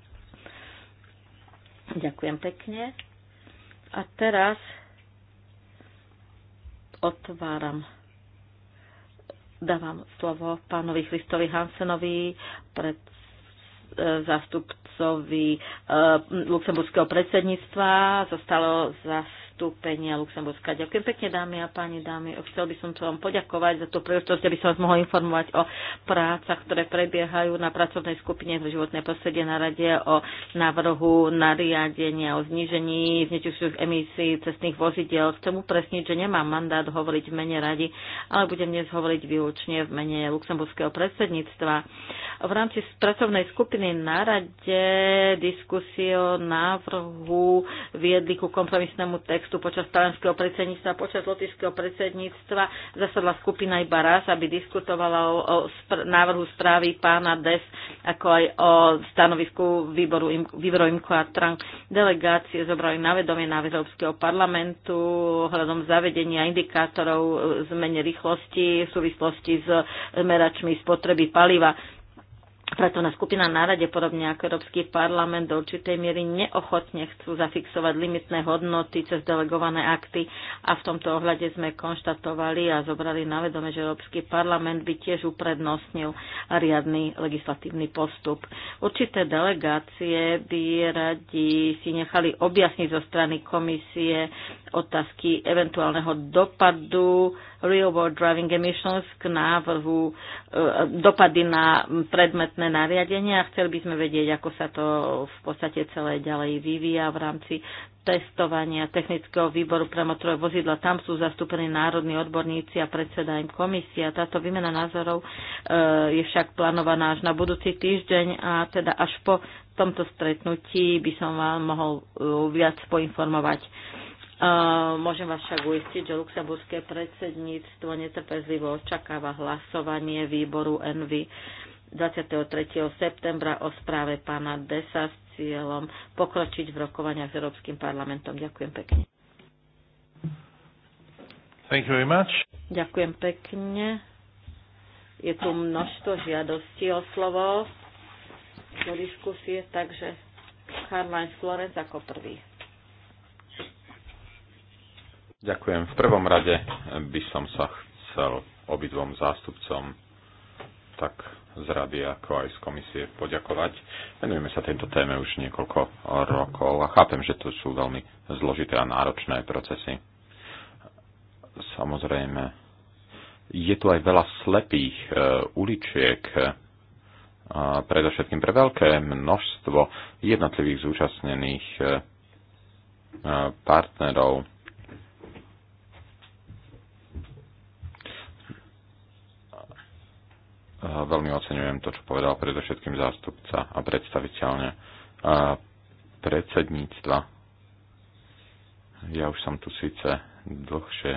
Ďakujem pekne. A teraz otváram Dávam slovo pánovi Christovi Hansenovi, pred, e, zástupcovi e, Luxemburského predsedníctva, zostalo zas vystúpenia Luxemburska. Ďakujem pekne, dámy a páni, dámy. Chcel by som sa vám poďakovať za tú príležitosť, aby som vás mohol informovať o prácach, ktoré prebiehajú na pracovnej skupine v životné prostredie na rade o návrhu nariadenia o znížení znečistujúcich emisí cestných vozidel. Chcem upresniť, že nemám mandát hovoriť v mene rady, ale budem dnes hovoriť výlučne v mene luxemburského predsedníctva. V rámci pracovnej skupiny na rade diskusie o návrhu viedli ku kompromisnému textu kontextu počas talianského predsedníctva, počas lotišského predsedníctva zasadla skupina iba raz, aby diskutovala o, o spr- návrhu správy pána Des, ako aj o stanovisku výboru, im, výboru Imko a TRAN. Delegácie zobrali na vedomie na Európskeho parlamentu ohľadom zavedenia indikátorov e, zmene rýchlosti v súvislosti s e, meračmi spotreby paliva preto na skupina na rade, podobne ako Európsky parlament, do určitej miery neochotne chcú zafixovať limitné hodnoty cez delegované akty a v tomto ohľade sme konštatovali a zobrali na vedome, že Európsky parlament by tiež uprednostnil riadny legislatívny postup. Určité delegácie by radi si nechali objasniť zo strany komisie otázky eventuálneho dopadu Real World Driving Emissions k návrhu e, dopady na predmetné nariadenia a chceli by sme vedieť, ako sa to v podstate celé ďalej vyvíja v rámci testovania technického výboru pre motorové vozidla. Tam sú zastúpení národní odborníci a predseda im komisia. Táto výmena názorov e, je však plánovaná až na budúci týždeň a teda až po tomto stretnutí by som vám mohol e, viac poinformovať. Uh, môžem vás však uistiť, že luxemburské predsedníctvo netrpezlivo očakáva hlasovanie výboru ENVY 23. septembra o správe pána Desa s cieľom pokročiť v rokovaniach s Európskym parlamentom. Ďakujem pekne. Thank you very much. Ďakujem pekne. Je tu množstvo žiadostí o slovo do diskusie, takže Karl Florenc ako prvý. Ďakujem. V prvom rade by som sa chcel obidvom zástupcom tak z rady ako aj z komisie poďakovať. Venujeme sa tejto téme už niekoľko rokov a chápem, že to sú veľmi zložité a náročné procesy. Samozrejme, je tu aj veľa slepých uh, uličiek, uh, predovšetkým pre veľké množstvo jednotlivých zúčastnených uh, partnerov veľmi oceňujem to, čo povedal predovšetkým zástupca a predstaviteľne a predsedníctva. Ja už som tu síce dlhšie,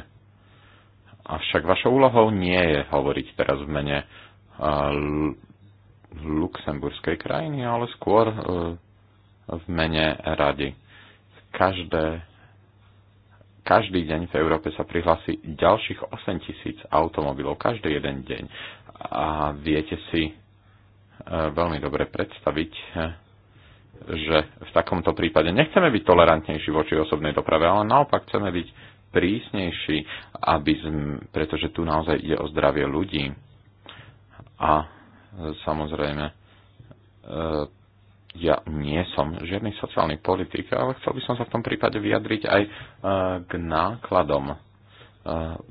avšak vašou úlohou nie je hovoriť teraz v mene luxemburskej krajiny, ale skôr e, v mene rady. Každé, každý deň v Európe sa prihlási ďalších 8 tisíc automobilov, každý jeden deň a viete si e, veľmi dobre predstaviť, e, že v takomto prípade nechceme byť tolerantnejší voči osobnej doprave, ale naopak chceme byť prísnejší, aby sme, pretože tu naozaj ide o zdravie ľudí. A samozrejme, e, ja nie som žiadny sociálny politik, ale chcel by som sa v tom prípade vyjadriť aj k nákladom.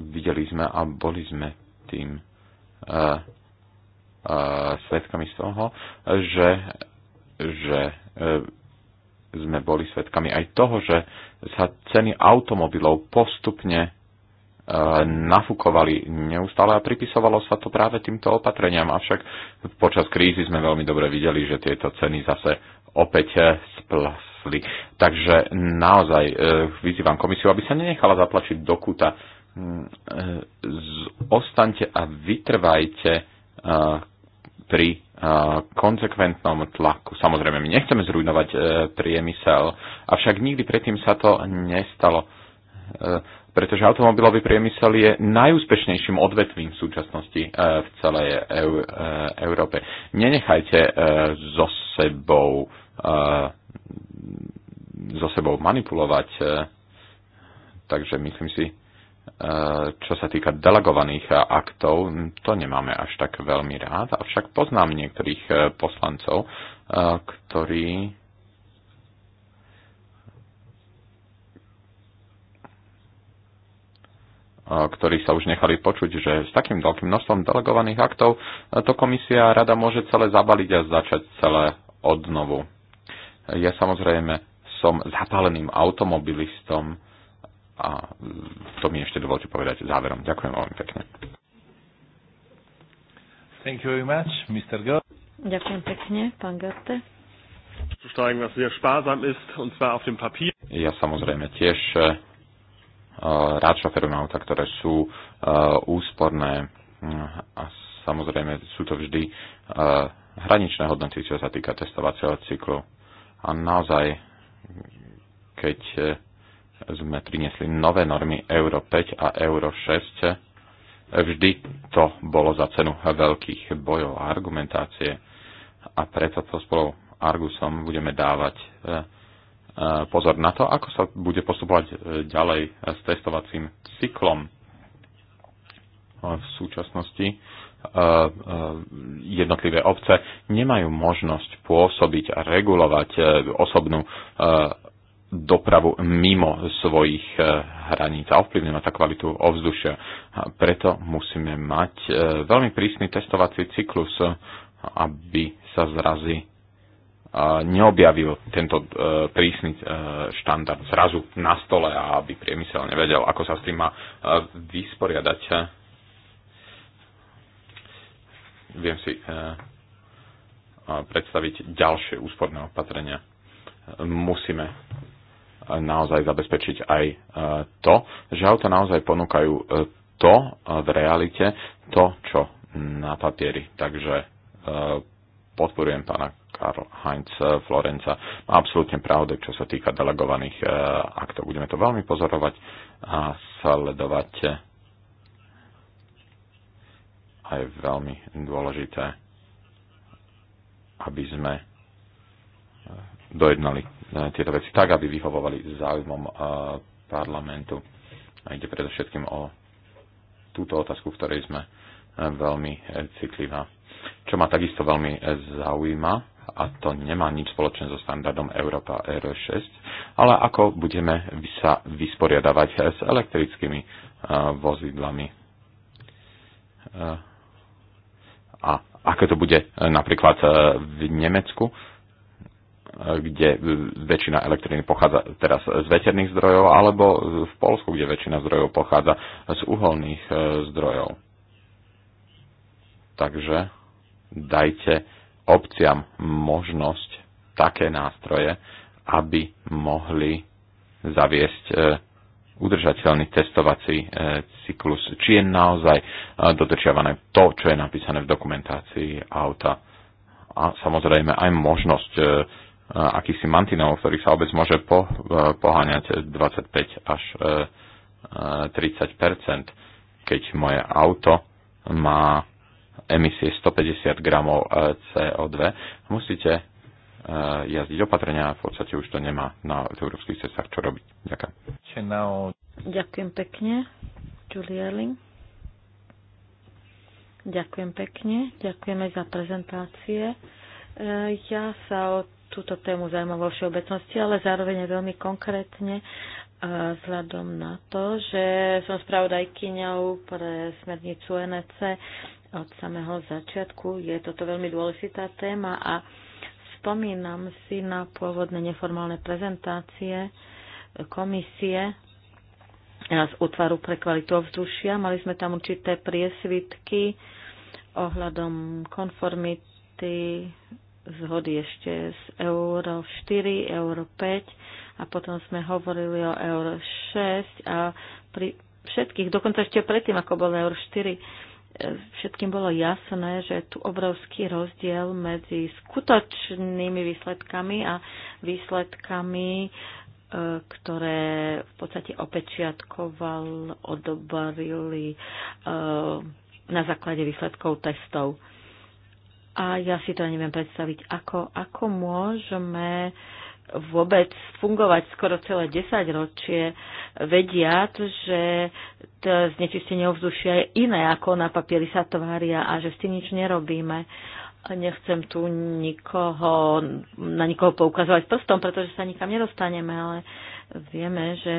Videli sme a boli sme tým svetkami z toho, že, že e, sme boli svetkami aj toho, že sa ceny automobilov postupne e, nafúkovali neustále a pripisovalo sa to práve týmto opatreniam. Avšak počas krízy sme veľmi dobre videli, že tieto ceny zase opäť e, splasli. Takže naozaj vyzývam komisiu, aby sa nenechala zatlačiť do kúta Mm, e, ostante a vytrvajte e, pri e, konsekventnom tlaku. Samozrejme, my nechceme zrujnovať priemysel, avšak nikdy predtým sa to nestalo, pretože automobilový priemysel je najúspešnejším odvetvím v súčasnosti v celej Európe. Nenechajte so sebou so sebou manipulovať. Takže myslím si, E, čo sa týka delegovaných aktov, to nemáme až tak veľmi rád, avšak poznám niektorých e, poslancov, e, ktorí ktorí sa už nechali počuť, že s takým veľkým množstvom delegovaných aktov to komisia a rada môže celé zabaliť a začať celé odnovu. Ja samozrejme som zapáleným automobilistom, a mm, to mi ešte dovolte povedať záverom. Ďakujem veľmi pekne. Thank you very much, Mr. Ďakujem pekne, pán Gotte. Ja samozrejme tiež eh, eh, rád šoferujem auta, ktoré sú eh, úsporné hm, a samozrejme sú to vždy hraničné hodnoty, čo sa týka testovacieho cyklu. A naozaj, keď sme priniesli nové normy Euro 5 a Euro 6. Vždy to bolo za cenu veľkých bojov a argumentácie a preto to spolu Argusom budeme dávať e, e, pozor na to, ako sa bude postupovať e, ďalej s testovacím cyklom. V súčasnosti jednotlivé obce nemajú možnosť pôsobiť a regulovať osobnú dopravu mimo svojich e, hraníc a ovplyvňuje na tá kvalitu ovzdušia. Preto musíme mať e, veľmi prísny testovací cyklus, aby sa zrazy neobjavil tento e, prísny štandard zrazu na stole a aby priemysel nevedel, ako sa s tým má vysporiadať. Viem si predstaviť ďalšie úsporné opatrenia. Musíme naozaj zabezpečiť aj e, to, že auto naozaj ponúkajú e, to e, v realite, to, čo na papieri. Takže podporujem pána Karl Heinz Florenca. Má absolútne pravdu, čo sa týka delegovaných aktov. Budeme to veľmi pozorovať a sledovať a je veľmi dôležité, aby sme dojednali tieto veci tak, aby vyhovovali záujmom eh, parlamentu. A ide predovšetkým o túto otázku, v ktorej sme eh, veľmi eh, citlivá. Čo ma takisto veľmi zaujíma, a to nemá nič spoločné so standardom Európa R6, ale ako budeme sa vysporiadavať s elektrickými vozidlami. A ako to bude napríklad v Nemecku, kde väčšina elektriny pochádza teraz z veterných zdrojov, alebo v Polsku, kde väčšina zdrojov pochádza z uholných e, zdrojov. Takže dajte obciam možnosť také nástroje, aby mohli zaviesť e, udržateľný testovací e, cyklus, či je naozaj dodržiavané to, čo je napísané v dokumentácii auta. A samozrejme aj možnosť akýchsi mantinov, v ktorých sa obec môže po, e, poháňať 25 až 30 e, e, keď moje auto má emisie 150 gramov CO2. Musíte jazdiť opatrenia a v podstate už to nemá na európskych cestách čo robiť. Ďakujem. Ďakujem pekne. Julia Lin. Ďakujem pekne. Ďakujeme za prezentácie. Ja sa od túto tému vo všeobecnosti, ale zároveň veľmi konkrétne e, vzhľadom na to, že som spravodajkyňou pre smernicu NEC od samého začiatku. Je toto veľmi dôležitá téma a spomínam si na pôvodné neformálne prezentácie komisie z útvaru pre kvalitu ovzdušia. Mali sme tam určité priesvitky ohľadom konformity zhody ešte z euro 4, euro 5 a potom sme hovorili o euro 6 a pri všetkých, dokonca ešte predtým, ako bol euro 4, e, všetkým bolo jasné, že je tu obrovský rozdiel medzi skutočnými výsledkami a výsledkami, e, ktoré v podstate opečiatkoval, odobarili e, na základe výsledkov testov. A ja si to neviem predstaviť, ako, ako môžeme vôbec fungovať skoro celé 10 ročie, vediať, že to znečistenie ovzdušia je iné, ako na papieri sa tvária a že s tým nič nerobíme. Nechcem tu nikoho, na nikoho poukazovať prstom, pretože sa nikam nedostaneme, ale uh, Vieme, že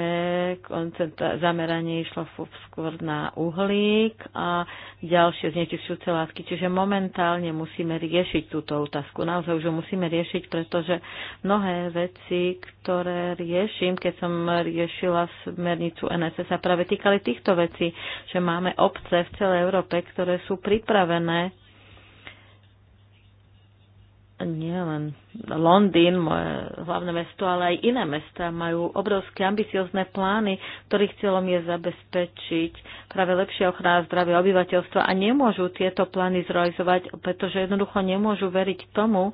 zameranie išlo skôr na uhlík a ďalšie znečistujúce látky. Čiže momentálne musíme riešiť túto otázku. Naozaj už musíme riešiť, pretože mnohé veci, ktoré riešim, keď som riešila smernicu NSS, sa práve týkali týchto vecí, že máme obce v celej Európe, ktoré sú pripravené nie len Londýn, moje hlavné mesto, ale aj iné mesta majú obrovské ambiciozne plány, ktorých cieľom je zabezpečiť práve lepšia ochrana zdravia obyvateľstva a nemôžu tieto plány zrealizovať, pretože jednoducho nemôžu veriť tomu,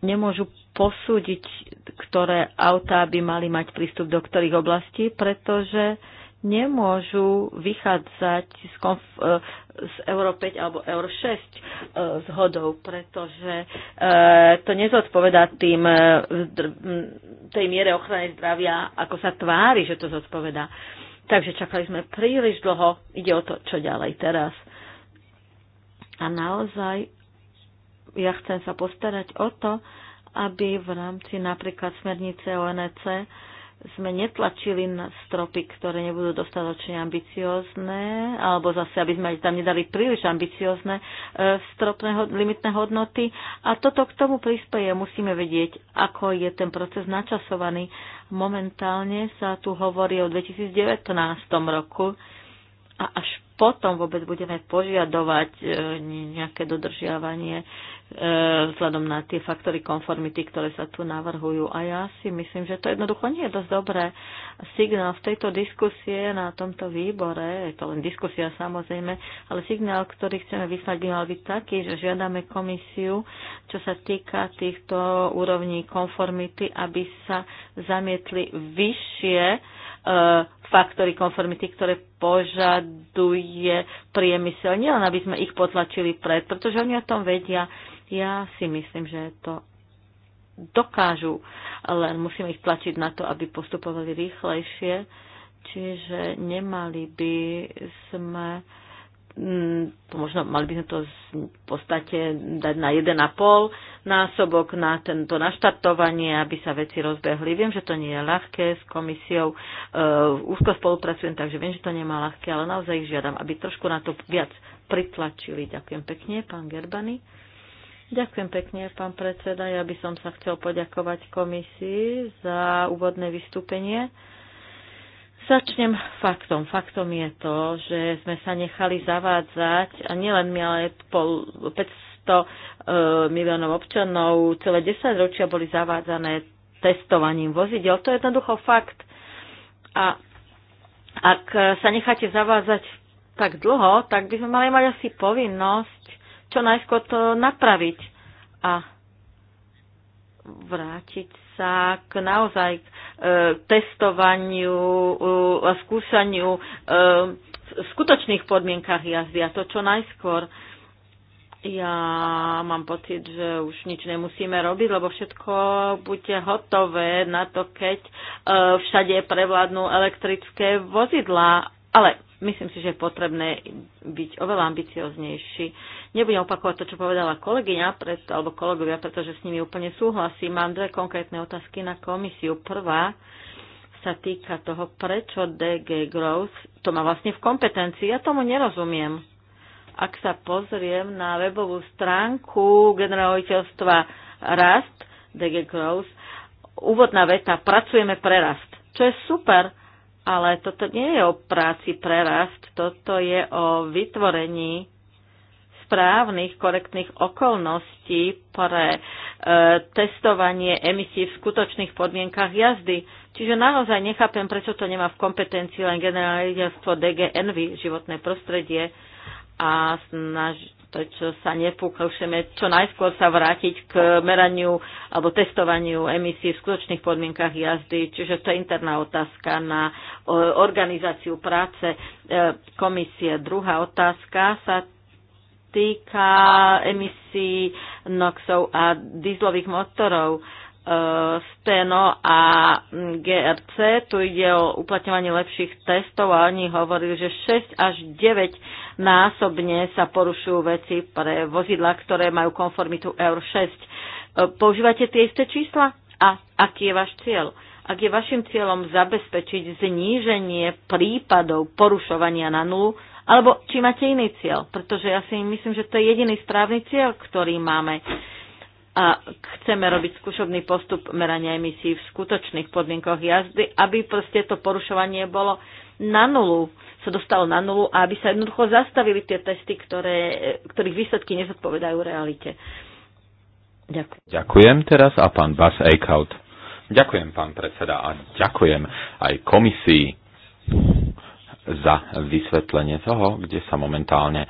nemôžu posúdiť, ktoré autá by mali mať prístup do ktorých oblastí, pretože nemôžu vychádzať z, konf- e, z Euro 5 alebo Euro 6 e, zhodov, pretože e, to nezodpovedá tým, tej miere ochrany zdravia, ako sa tvári, že to zodpovedá. Takže čakali sme príliš dlho, ide o to, čo ďalej teraz. A naozaj ja chcem sa postarať o to, aby v rámci napríklad smernice ONEC sme netlačili na stropy, ktoré nebudú dostatočne ambiciózne, alebo zase, aby sme tam nedali príliš ambiciózne e, stropné limitné hodnoty. A toto k tomu prispieje. Musíme vedieť, ako je ten proces načasovaný. Momentálne sa tu hovorí o 2019 roku a až potom vôbec budeme požiadovať e, nejaké dodržiavanie e, vzhľadom na tie faktory konformity, ktoré sa tu navrhujú. A ja si myslím, že to jednoducho nie je dosť dobré. Signál v tejto diskusie na tomto výbore, je to len diskusia samozrejme, ale signál, ktorý chceme vyslať, by mal byť taký, že žiadame komisiu, čo sa týka týchto úrovní konformity, aby sa zamietli vyššie E, faktory konformity, ktoré požaduje priemysel. Nielen, aby sme ich potlačili pred, pretože oni o tom vedia. Ja si myslím, že to dokážu, len musíme ich tlačiť na to, aby postupovali rýchlejšie. Čiže nemali by sme uh, Mm, možno mali by sme to v podstate dať na 1,5 násobok na tento naštartovanie, aby sa veci rozbehli. Viem, že to nie je ľahké s komisiou, uh, úzko spolupracujem, takže viem, že to nemá ľahké, ale naozaj ich žiadam, aby trošku na to viac pritlačili. Ďakujem pekne, pán Gerbany. Ďakujem pekne, pán predseda. Ja by som sa chcel poďakovať komisii za úvodné vystúpenie. Začnem faktom. Faktom je to, že sme sa nechali zavádzať, a nielen my, ale pol, 500 e, miliónov občanov, celé 10 ročia boli zavádzané testovaním vozidel. To je jednoducho fakt. A ak sa necháte zavádzať tak dlho, tak by sme mali mať asi povinnosť čo najskôr to napraviť a vrátiť sa k naozaj k e, testovaniu e, a skúšaniu e, v skutočných podmienkach jazdy a to čo najskôr. Ja mám pocit, že už nič nemusíme robiť, lebo všetko bude hotové na to, keď všade prevládnu elektrické vozidlá. Ale myslím si, že je potrebné byť oveľa ambicioznejší. Nebudem opakovať to, čo povedala kolegyňa preto, alebo kolegovia, pretože s nimi úplne súhlasím. Mám dve konkrétne otázky na komisiu. Prvá sa týka toho, prečo DG Growth to má vlastne v kompetencii. Ja tomu nerozumiem. Ak sa pozriem na webovú stránku generaliteľstva Rast, DG Growth, úvodná veta, pracujeme pre rast, čo je super, ale toto nie je o práci prerast, toto je o vytvorení správnych, korektných okolností pre e, testovanie emisí v skutočných podmienkach jazdy. Čiže naozaj nechápem, prečo to nemá v kompetencii len generálne riaditeľstvo DG Envy, životné prostredie, a snaž, prečo čo sa nepúka, všeme, čo najskôr sa vrátiť k meraniu alebo testovaniu emisí v skutočných podmienkach jazdy. Čiže to je interná otázka na organizáciu práce e, komisie. Druhá otázka sa týka emisí NOXov a dýzlových motorov. E, Steno a GRC. Tu ide o uplatňovanie lepších testov a oni hovorili, že 6 až 9 násobne sa porušujú veci pre vozidla, ktoré majú konformitu Euro 6. E, používate tie isté čísla? A aký je váš cieľ? Ak je vašim cieľom zabezpečiť zníženie prípadov porušovania na nulu, alebo či máte iný cieľ, pretože ja si myslím, že to je jediný správny cieľ, ktorý máme a chceme robiť skúšobný postup merania emisí v skutočných podmienkoch jazdy, aby proste to porušovanie bolo na nulu, sa dostalo na nulu a aby sa jednoducho zastavili tie testy, ktoré, ktorých výsledky nezodpovedajú realite. Ďakujem. Ďakujem teraz a pán Bas Eichhout. Ďakujem, pán predseda, a ďakujem aj komisii za vysvetlenie toho, kde sa momentálne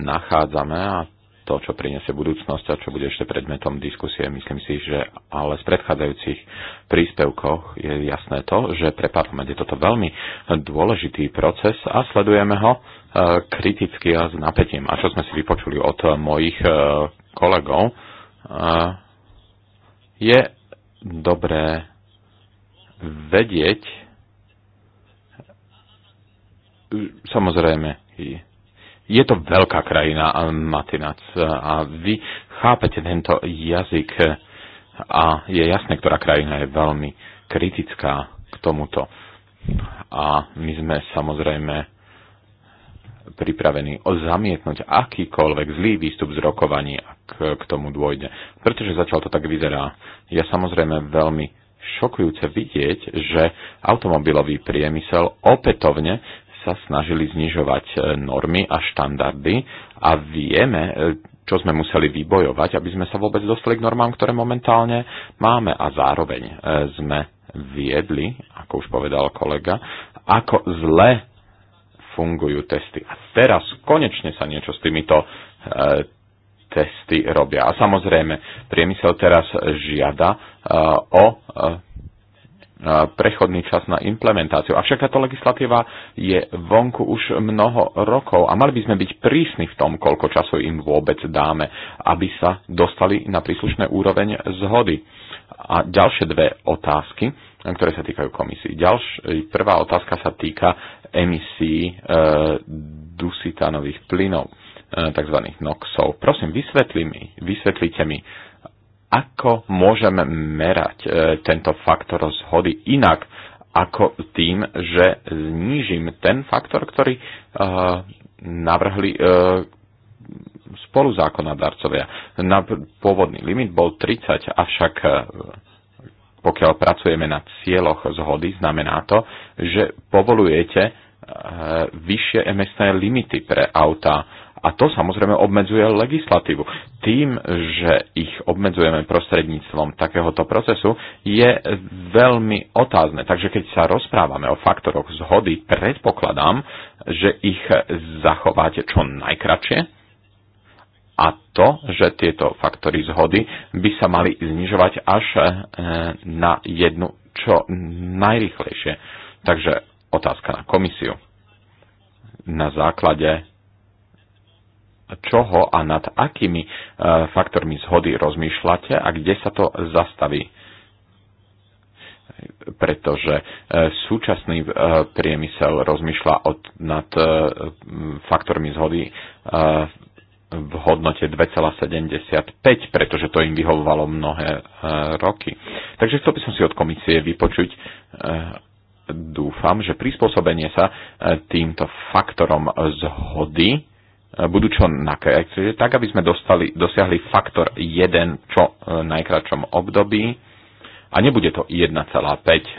nachádzame a to, čo prinesie budúcnosť a čo bude ešte predmetom diskusie. Myslím si, že ale z predchádzajúcich príspevkov je jasné to, že pre parlament je toto veľmi dôležitý proces a sledujeme ho e, kriticky a s napätím. A čo sme si vypočuli od mojich e, kolegov, e, je dobré vedieť, samozrejme, je to veľká krajina, Matinac, a vy chápete tento jazyk a je jasné, ktorá krajina je veľmi kritická k tomuto. A my sme samozrejme pripravení zamietnúť akýkoľvek zlý výstup z rokovaní, ak k tomu dôjde. Pretože zatiaľ to tak vyzerá. Ja samozrejme veľmi šokujúce vidieť, že automobilový priemysel opätovne sa snažili znižovať e, normy a štandardy a vieme, e, čo sme museli vybojovať, aby sme sa vôbec dostali k normám, ktoré momentálne máme. A zároveň e, sme viedli, ako už povedal kolega, ako zle fungujú testy. A teraz konečne sa niečo s týmito e, testy robia. A samozrejme, priemysel teraz žiada e, o e, prechodný čas na implementáciu. Avšak táto legislatíva je vonku už mnoho rokov a mali by sme byť prísni v tom, koľko času im vôbec dáme, aby sa dostali na príslušné úroveň zhody. A ďalšie dve otázky, ktoré sa týkajú komisí. prvá otázka sa týka emisí e, dusitanových plynov, e, tzv. NOXov. Prosím, vysvetli mi, vysvetlite mi, ako môžeme merať e, tento faktor zhody inak ako tým, že znížim ten faktor, ktorý e, navrhli e, spoluzákonodarcovia. Na pôvodný limit bol 30, avšak pokiaľ pracujeme na cieľoch zhody, znamená to, že povolujete vyššie emisné limity pre auta a to samozrejme obmedzuje legislatívu. Tým, že ich obmedzujeme prostredníctvom takéhoto procesu, je veľmi otázne. Takže keď sa rozprávame o faktoroch zhody, predpokladám, že ich zachováte čo najkračšie, a to, že tieto faktory zhody by sa mali znižovať až e, na jednu čo najrychlejšie. Takže otázka na komisiu. Na základe čoho a nad akými e, faktormi zhody rozmýšľate a kde sa to zastaví pretože e, súčasný e, priemysel rozmýšľa od, nad faktormi zhody v hodnote 2,75, pretože to im vyhovovalo mnohé roky. Takže chcel by som si od komisie vypočuť, dúfam, že prispôsobenie sa týmto faktorom zhody budú čo najkračšie, tak aby sme dostali, dosiahli faktor 1 čo e, najkračom období a nebude to 1,5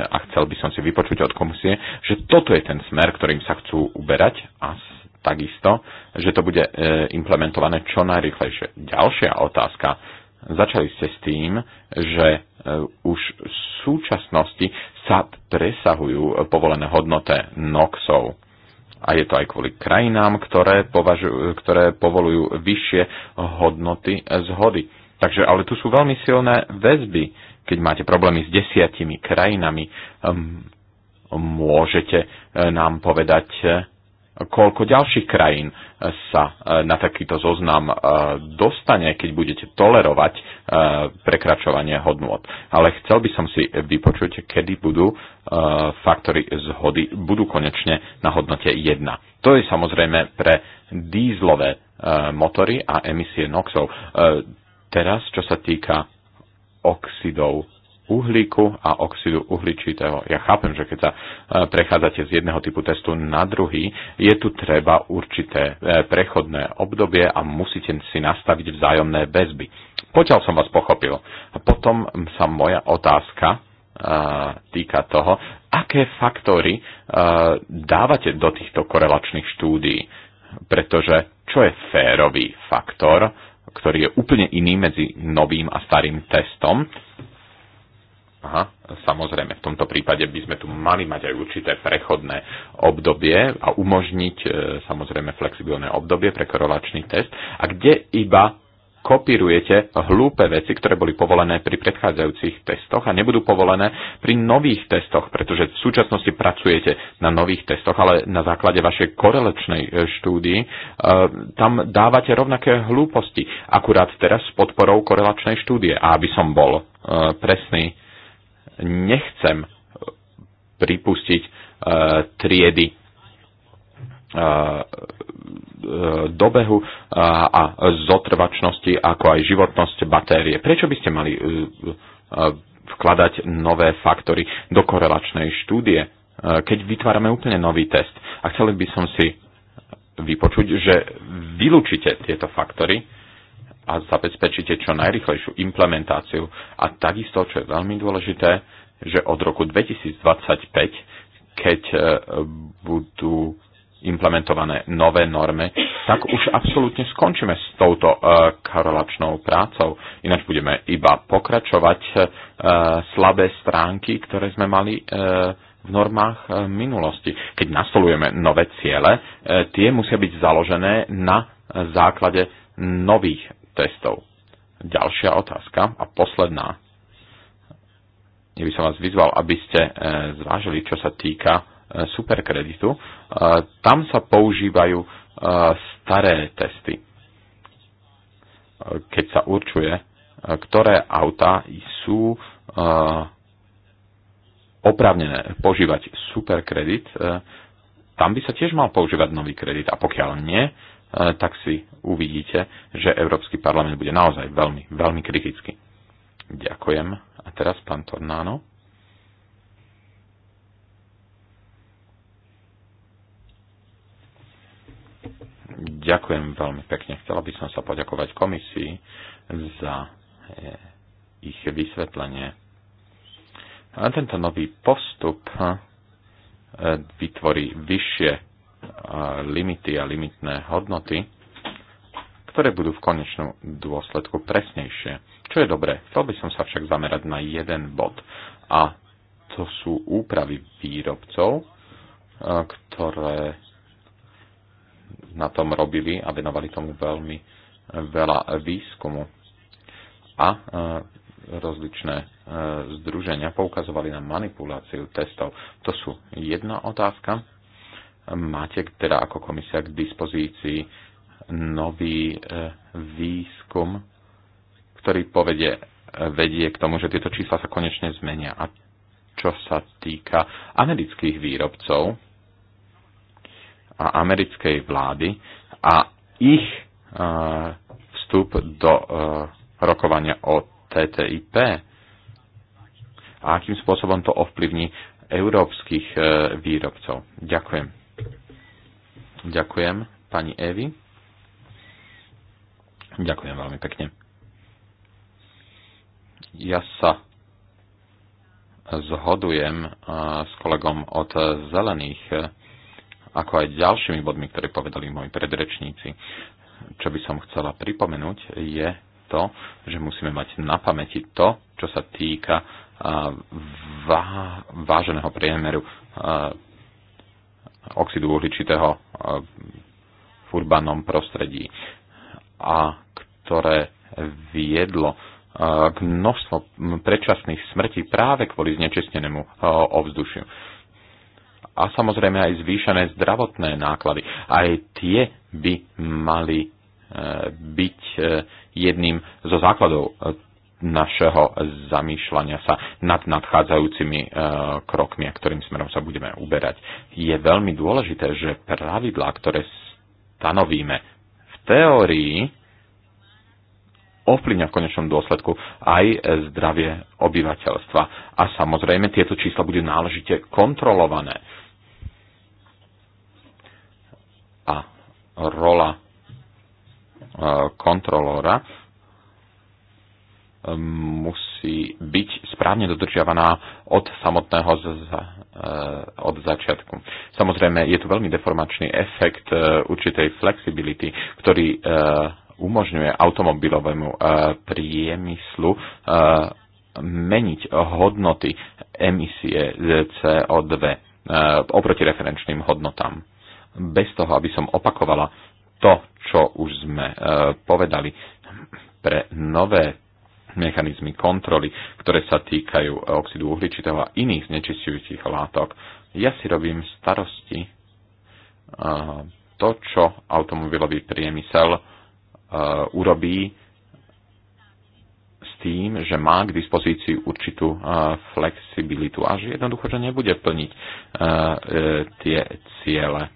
a chcel by som si vypočuť od komisie, že toto je ten smer, ktorým sa chcú uberať a takisto, že to bude e, implementované čo najrychlejšie. Ďalšia otázka. Začali ste s tým, že e, už v súčasnosti sa presahujú povolené hodnoty NOXov a je to aj kvôli krajinám, ktoré, považujú, ktoré povolujú vyššie hodnoty zhody. Takže, ale tu sú veľmi silné väzby. Keď máte problémy s desiatimi krajinami, môžete e, nám povedať, e, koľko ďalších krajín e, sa e, na takýto zoznam e, dostane, keď budete tolerovať prekračovanie hodnôt. Ale chcel by som si vypočuť, kedy budú faktory zhody, budú konečne na hodnote 1. To je samozrejme pre dízlové motory a emisie NOXov. Teraz, čo sa týka oxidov uhlíku a oxidu uhličitého. Ja chápem, že keď sa e, prechádzate z jedného typu testu na druhý, je tu treba určité e, prechodné obdobie a musíte si nastaviť vzájomné väzby. Poďal som vás pochopil. A potom sa moja otázka e, týka toho, aké faktory dávate do týchto korelačných štúdií. Pretože čo je férový faktor, ktorý je úplne iný medzi novým a starým testom, Aha, samozrejme, v tomto prípade by sme tu mali mať aj určité prechodné obdobie a umožniť e, samozrejme flexibilné obdobie pre korelačný test. A kde iba kopírujete hlúpe veci, ktoré boli povolené pri predchádzajúcich testoch a nebudú povolené pri nových testoch, pretože v súčasnosti pracujete na nových testoch, ale na základe vašej korelačnej e, štúdii e, tam dávate rovnaké hlúposti, akurát teraz s podporou korelačnej štúdie. A aby som bol e, presný, nechcem pripustiť e, triedy e, e, dobehu a zotrvačnosti, ako aj životnosť batérie. Prečo by ste mali vkladať nové faktory do korelačnej štúdie, keď vytvárame úplne nový test? A chceli by som si vypočuť, že vylúčite tieto faktory, a zabezpečíte čo najrychlejšiu implementáciu. A takisto, čo je veľmi dôležité, že od roku 2025, keď e, budú implementované nové normy, tak už absolútne skončíme s touto e, karolačnou prácou. Ináč budeme iba pokračovať e, slabé stránky, ktoré sme mali v normách minulosti. Keď nastolujeme nové ciele, tie musia byť založené na základe nových testov. Ďalšia otázka a posledná. Ja by som vás vyzval, aby ste e, zvážili, čo sa týka e, superkreditu. E, tam sa používajú staré testy, keď sa určuje, ktoré auta sú oprávnené požívať superkredit, tam by sa tiež mal používať nový kredit. A pokiaľ nie, E, tak si uvidíte, že Európsky parlament bude naozaj veľmi, veľmi kritický. Ďakujem. A teraz pán Tornáno. Ďakujem veľmi pekne. Chcela by som sa poďakovať komisii za e, ich vysvetlenie. A tento nový postup e, vytvorí vyššie limity a limitné hodnoty, ktoré budú v konečnom dôsledku presnejšie. Čo je dobré, chcel by som sa však zamerať na jeden bod a to sú úpravy výrobcov, e, ktoré na tom robili a venovali tomu veľmi veľa výskumu. A e, rozličné e, združenia poukazovali na manipuláciu testov. To sú jedna otázka máte teda ako komisia k dispozícii nový e, výskum, ktorý povedie, e, vedie k tomu, že tieto čísla sa konečne zmenia. A čo sa týka amerických výrobcov a americkej vlády a ich e, vstup do rokovania o TTIP a akým spôsobom to ovplyvní európskych výrobcov. Ďakujem. Ďakujem pani Evi. Ďakujem veľmi pekne. Ja sa zhodujem e, s kolegom od Zelených, e, ako aj ďalšími bodmi, ktoré povedali moji predrečníci. Čo by som chcela pripomenúť je to, že musíme mať na pamäti to, čo sa týka e, váženého priemeru oxidu uhličitého e, v urbanom prostredí a ktoré viedlo e, k množstvo predčasných smrti práve kvôli znečistenému e, ovzdušiu. A samozrejme aj zvýšené zdravotné náklady. Aj tie by mali byť jedným zo základov našeho zamýšľania sa nad nadchádzajúcimi e, krokmi, a ktorým smerom sa budeme uberať. Je veľmi dôležité, že pravidlá, ktoré stanovíme v teórii, ovplyvňa v konečnom dôsledku aj zdravie obyvateľstva. A samozrejme, tieto čísla budú náležite kontrolované. A rola e, kontrolóra musí byť správne dodržiavaná od samotného z, eh, od začiatku. Samozrejme, je tu veľmi deformačný efekt eh, určitej flexibility, ktorý eh, umožňuje automobilovému priemyslu meniť hodnoty emisie CO2 oproti referenčným hodnotám. Bez toho, aby som opakovala to, čo už sme povedali pre nové mechanizmy kontroly, ktoré sa týkajú eh, oxidu uhličitého a iných znečistujúcich látok. Ja si robím starosti eh, to, čo automobilový priemysel eh, urobí s tým, že má k dispozícii určitú flexibilitu a že jednoducho, že nebude plniť tie ciele.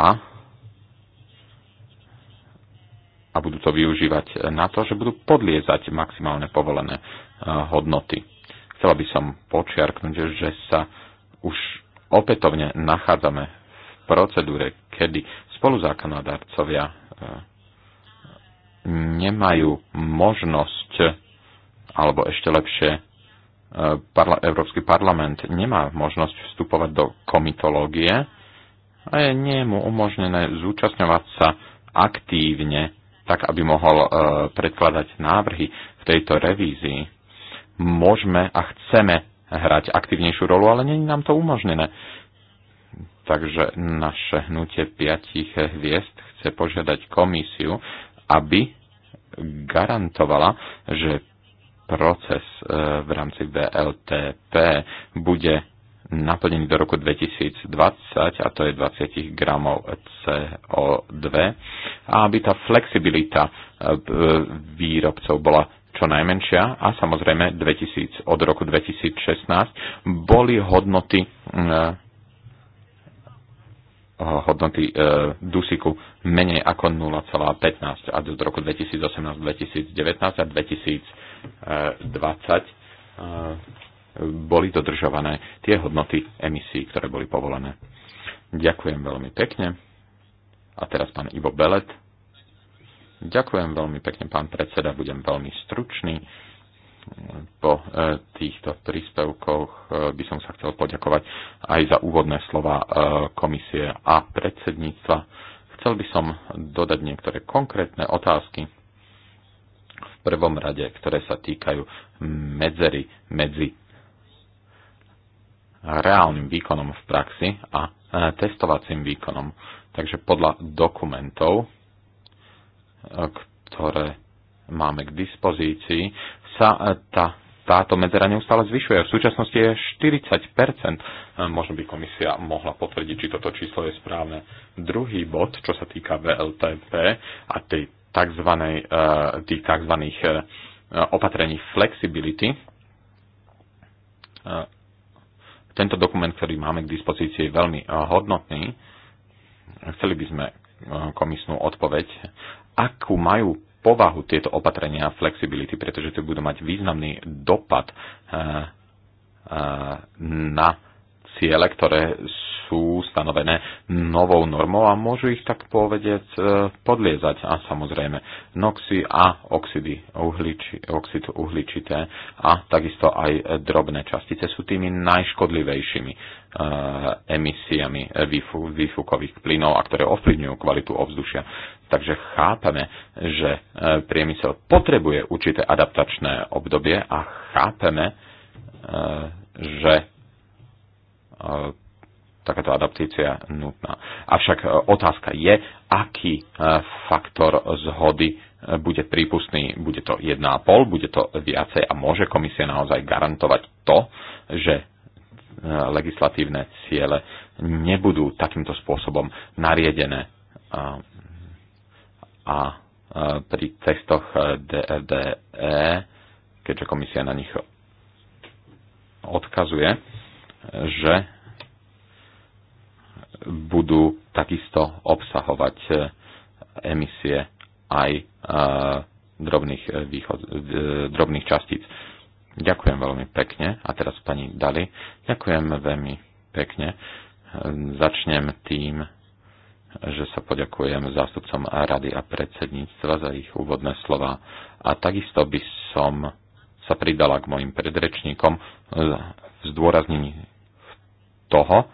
A a budú to využívať na to, že budú podliezať maximálne povolené eh, hodnoty. Chcela by som počiarknúť, že sa už opätovne nachádzame v procedúre, kedy spoluzákonodarcovia eh, nemajú možnosť, alebo ešte lepšie, eh, parla, Európsky parlament nemá možnosť vstupovať do komitológie a je nie je mu umožnené zúčastňovať sa aktívne tak aby mohol e, predkladať návrhy v tejto revízii. Môžeme a chceme hrať aktívnejšiu rolu, ale není nám to umožnené. Takže naše hnutie piatich hviezd chce požiadať komisiu, aby garantovala, že proces e, v rámci VLTP bude naplnený do roku 2020, a to je 20 gramov CO2, a aby tá flexibilita e, výrobcov bola čo najmenšia a samozrejme 2000, od roku 2016 boli hodnoty e, hodnoty e, dusiku menej ako 0,15 a do roku 2018, 2019 a 2020 e, boli dodržované tie hodnoty emisí, ktoré boli povolené. Ďakujem veľmi pekne. A teraz pán Ivo Belet. Ďakujem veľmi pekne, pán predseda, budem veľmi stručný. Po e, týchto príspevkoch e, by som sa chcel poďakovať aj za úvodné slova e, komisie a predsedníctva. Chcel by som dodať niektoré konkrétne otázky v prvom rade, ktoré sa týkajú medzery medzi reálnym výkonom v praxi a e, testovacím výkonom. Takže podľa dokumentov, e, ktoré máme k dispozícii, sa e, tá, táto medzera neustále zvyšuje. V súčasnosti je 40 Možno by komisia mohla potvrdiť, či toto číslo je správne. Druhý bod, čo sa týka VLTP a tej tzv. tých tzv. opatrení flexibility, tento dokument, ktorý máme k dispozícii, je veľmi eh, hodnotný. Chceli by sme eh, komisnú odpoveď, akú majú povahu tieto opatrenia a flexibility, pretože to budú mať významný dopad eh, na ciele, ktoré sú stanovené novou normou a môžu ich tak povedec e, podliezať a samozrejme noxy a oxidy uhliči, oxid uhličité a takisto aj drobné častice sú tými najškodlivejšími e, emisiami výfukových plynov a ktoré ovplyvňujú kvalitu ovzdušia. Takže chápame, že e, priemysel potrebuje určité adaptačné obdobie a chápeme, že E, takáto adaptácia nutná. Avšak e, otázka je, aký e, faktor zhody bude prípustný. Bude to 1,5, bude to viacej a môže komisia naozaj garantovať to, že legislatívne ciele nebudú takýmto spôsobom nariedené a, a pri testoch DRDE, keďže komisia na nich odkazuje, že budú takisto obsahovať e, emisie aj e, drobných, e, východ, drobných častíc. Ďakujem veľmi pekne. A teraz pani Dali. Ďakujem veľmi pekne. Začnem tým, že sa poďakujem zástupcom rady a predsedníctva za ich úvodné slova. A takisto by som sa pridala k mojim predrečníkom eh, v zdôraznení toho,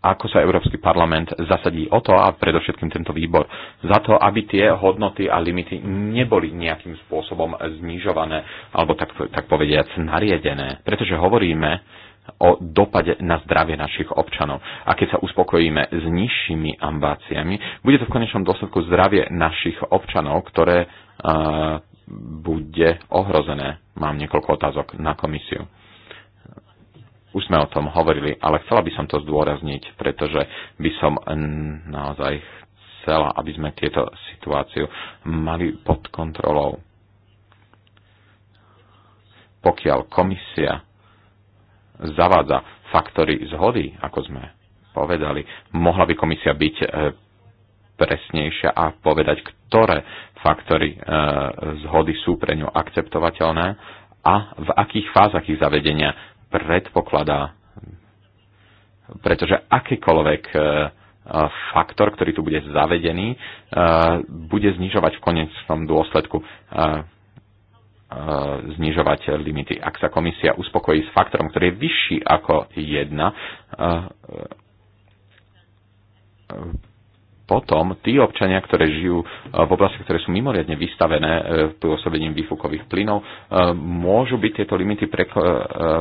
ako sa Európsky parlament zasadí o to, a predovšetkým tento výbor, za to, aby tie hodnoty a limity neboli nejakým spôsobom znižované, alebo tak, tak povediac nariedené. Pretože hovoríme o dopade na zdravie našich občanov. A keď sa uspokojíme s nižšími ambáciami, bude to v konečnom dôsledku zdravie našich občanov, ktoré uh, bude ohrozené. Mám niekoľko otázok na komisiu. Už sme o tom hovorili, ale chcela by som to zdôrazniť, pretože by som naozaj chcela, aby sme tieto situáciu mali pod kontrolou. Pokiaľ komisia zavádza faktory zhody, ako sme povedali, mohla by komisia byť eh, presnejšia a povedať, ktoré faktory e, zhody sú pre ňu akceptovateľné a v akých fázach ich zavedenia predpokladá. Pretože akýkoľvek e, faktor, ktorý tu bude zavedený, e, bude znižovať v konečnom dôsledku znižovať limity. Ak sa komisia uspokojí s faktorom, ktorý je vyšší ako jedna, potom tí občania, ktoré žijú e, v oblasti, ktoré sú mimoriadne vystavené e, pôsobením výfukových plynov, e, môžu byť tieto limity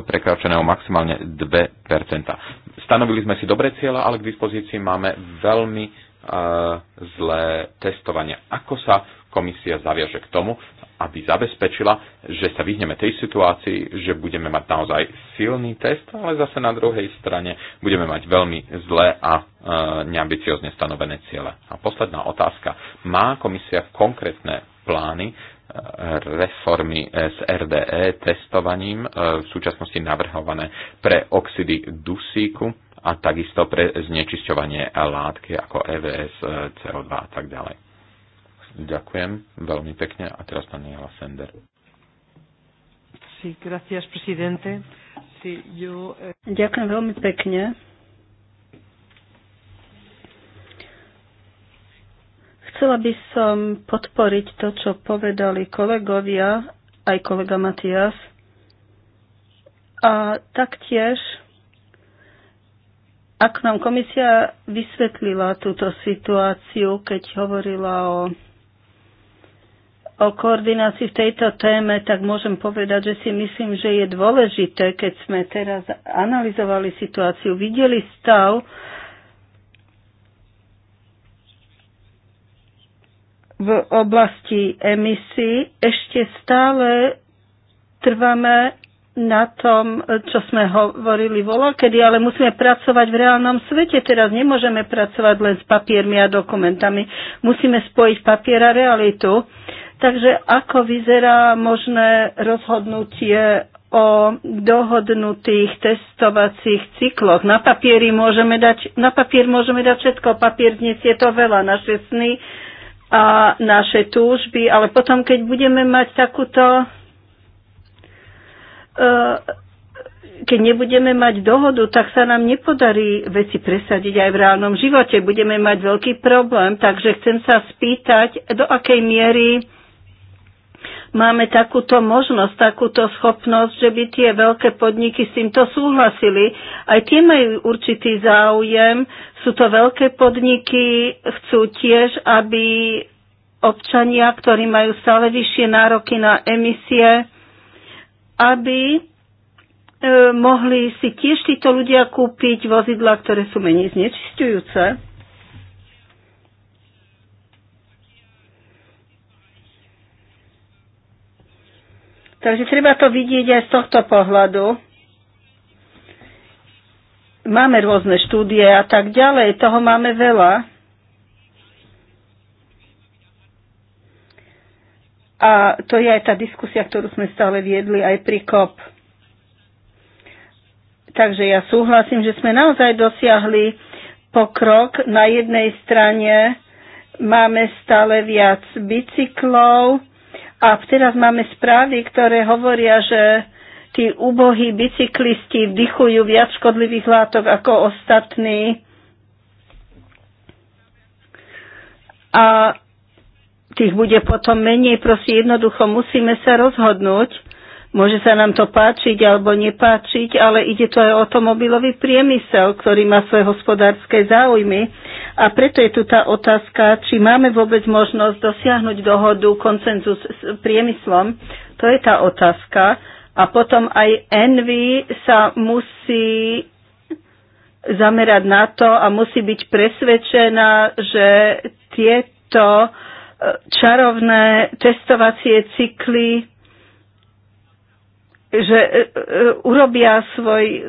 prekračené o maximálne 2 Stanovili sme si dobre cieľa, ale k dispozícii máme veľmi zlé testovanie. Ako sa komisia zaviaže k tomu, aby zabezpečila, že sa vyhneme tej situácii, že budeme mať naozaj silný test, ale zase na druhej strane budeme mať veľmi zlé a e, neambiciozne stanovené ciele. A posledná otázka. Má komisia konkrétne plány e, reformy s RDE testovaním e, v súčasnosti navrhované pre oxidy dusíku a takisto pre znečisťovanie látky ako EVS, e, CO2 a tak ďalej. Ďakujem veľmi pekne a teraz pani Jela Sender. Eh, Ďakujem veľmi pekne. Chcela by som podporiť to, čo povedali kolegovia, aj kolega Matias. A taktiež, ak nám komisia vysvetlila túto situáciu, keď hovorila o o koordinácii v tejto téme, tak môžem povedať, že si myslím, že je dôležité, keď sme teraz analyzovali situáciu, videli stav, v oblasti emisí ešte stále trvame na tom, čo sme hovorili vola, kedy ale musíme pracovať v reálnom svete. Teraz nemôžeme pracovať len s papiermi a dokumentami. Musíme spojiť papier a realitu. Takže ako vyzerá možné rozhodnutie o dohodnutých testovacích cykloch. Na, papieri môžeme dať, na papier môžeme dať všetko, papier dnes je to veľa, naše sny a naše túžby, ale potom, keď budeme mať takúto E, keď nebudeme mať dohodu, tak sa nám nepodarí veci presadiť aj v reálnom živote. Budeme mať veľký problém, takže chcem sa spýtať, do akej miery máme takúto možnosť, takúto schopnosť, že by tie veľké podniky s týmto súhlasili. Aj tie majú určitý záujem, sú to veľké podniky, chcú tiež, aby občania, ktorí majú stále vyššie nároky na emisie, aby e, mohli si tiež títo ľudia kúpiť vozidla, ktoré sú menej znečisťujúce. Takže treba to vidieť aj z tohto pohľadu. Máme rôzne štúdie a tak ďalej, toho máme veľa. A to je aj tá diskusia, ktorú sme stále viedli aj pri COP. Takže ja súhlasím, že sme naozaj dosiahli pokrok. Na jednej strane máme stále viac bicyklov a teraz máme správy, ktoré hovoria, že tí ubohí bicyklisti vdychujú viac škodlivých látok ako ostatní. A tých bude potom menej, proste jednoducho musíme sa rozhodnúť. Môže sa nám to páčiť alebo nepáčiť, ale ide to aj o automobilový priemysel, ktorý má svoje hospodárske záujmy. A preto je tu tá otázka, či máme vôbec možnosť dosiahnuť dohodu, koncenzus s priemyslom. To je tá otázka. A potom aj Envy sa musí zamerať na to a musí byť presvedčená, že tieto čarovné testovacie cykly, že e, e, urobia svoj, e,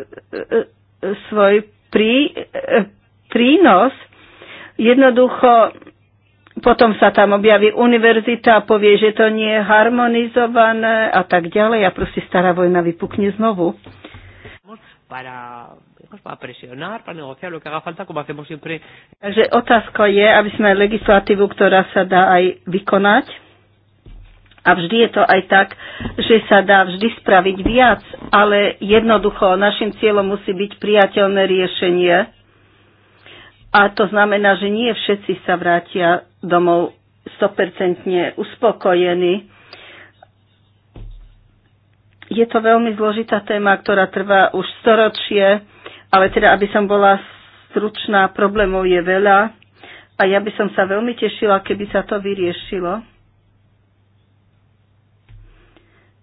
svoj prí, prínos. Jednoducho potom sa tam objaví univerzita a povie, že to nie je harmonizované a tak ďalej a proste stará vojna vypukne znovu. Para pues, para presionar, para negociar lo que haga falta, como hacemos siempre. Takže otázka je, aby sme legislatívu, ktorá sa dá aj vykonať, a vždy je to aj tak, že sa dá vždy spraviť viac, ale jednoducho našim cieľom musí byť priateľné riešenie. A to znamená, že nie všetci sa vrátia domov 100% uspokojení. Je to veľmi zložitá téma, ktorá trvá už storočie ale teda, aby som bola stručná, problémov je veľa a ja by som sa veľmi tešila, keby sa to vyriešilo.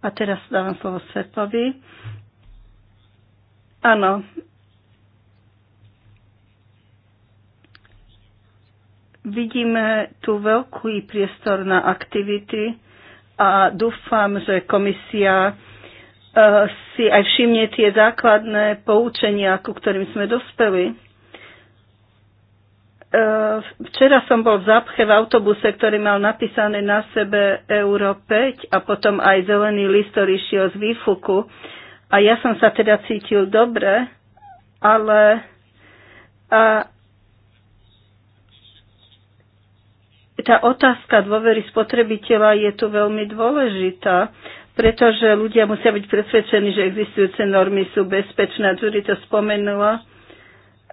A teraz dávam slovo Svetovi. Áno. Vidíme tu veľký priestor na aktivity a dúfam, že komisia Eh, si aj všimne tie základné poučenia, ku ktorým sme dospeli. Eh, včera som bol v zápche v autobuse, ktorý mal napísané na sebe Euro 5 a potom aj zelený list, ktorý šiel z výfuku. A ja som sa teda cítil dobre, ale a, tá otázka dôvery spotrebiteľa je tu veľmi dôležitá pretože ľudia musia byť presvedčení, že existujúce normy sú bezpečné. Judy to spomenula,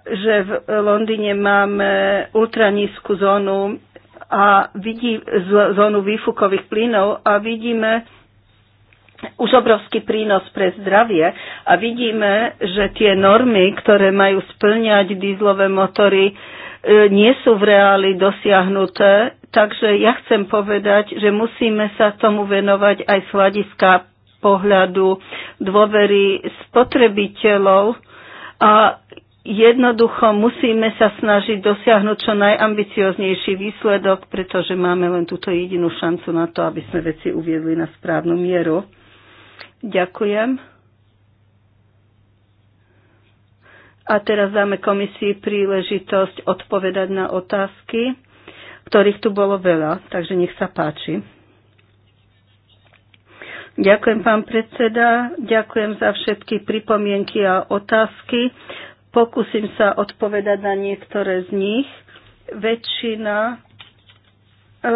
že v Londýne máme ultranízku zónu a vidí zónu výfukových plynov a vidíme už obrovský prínos pre zdravie a vidíme, že tie normy, ktoré majú splňať dízlové motory, e, nie sú v reáli dosiahnuté Takže ja chcem povedať, že musíme sa tomu venovať aj z hľadiska pohľadu dôvery spotrebiteľov a jednoducho musíme sa snažiť dosiahnuť čo najambicioznejší výsledok, pretože máme len túto jedinú šancu na to, aby sme veci uviedli na správnu mieru. Ďakujem. A teraz dáme komisii príležitosť odpovedať na otázky ktorých tu bolo veľa, takže nech sa páči. Ďakujem, pán predseda. Ďakujem za všetky pripomienky a otázky. Pokúsim sa odpovedať na niektoré z nich. Väčšina e, e,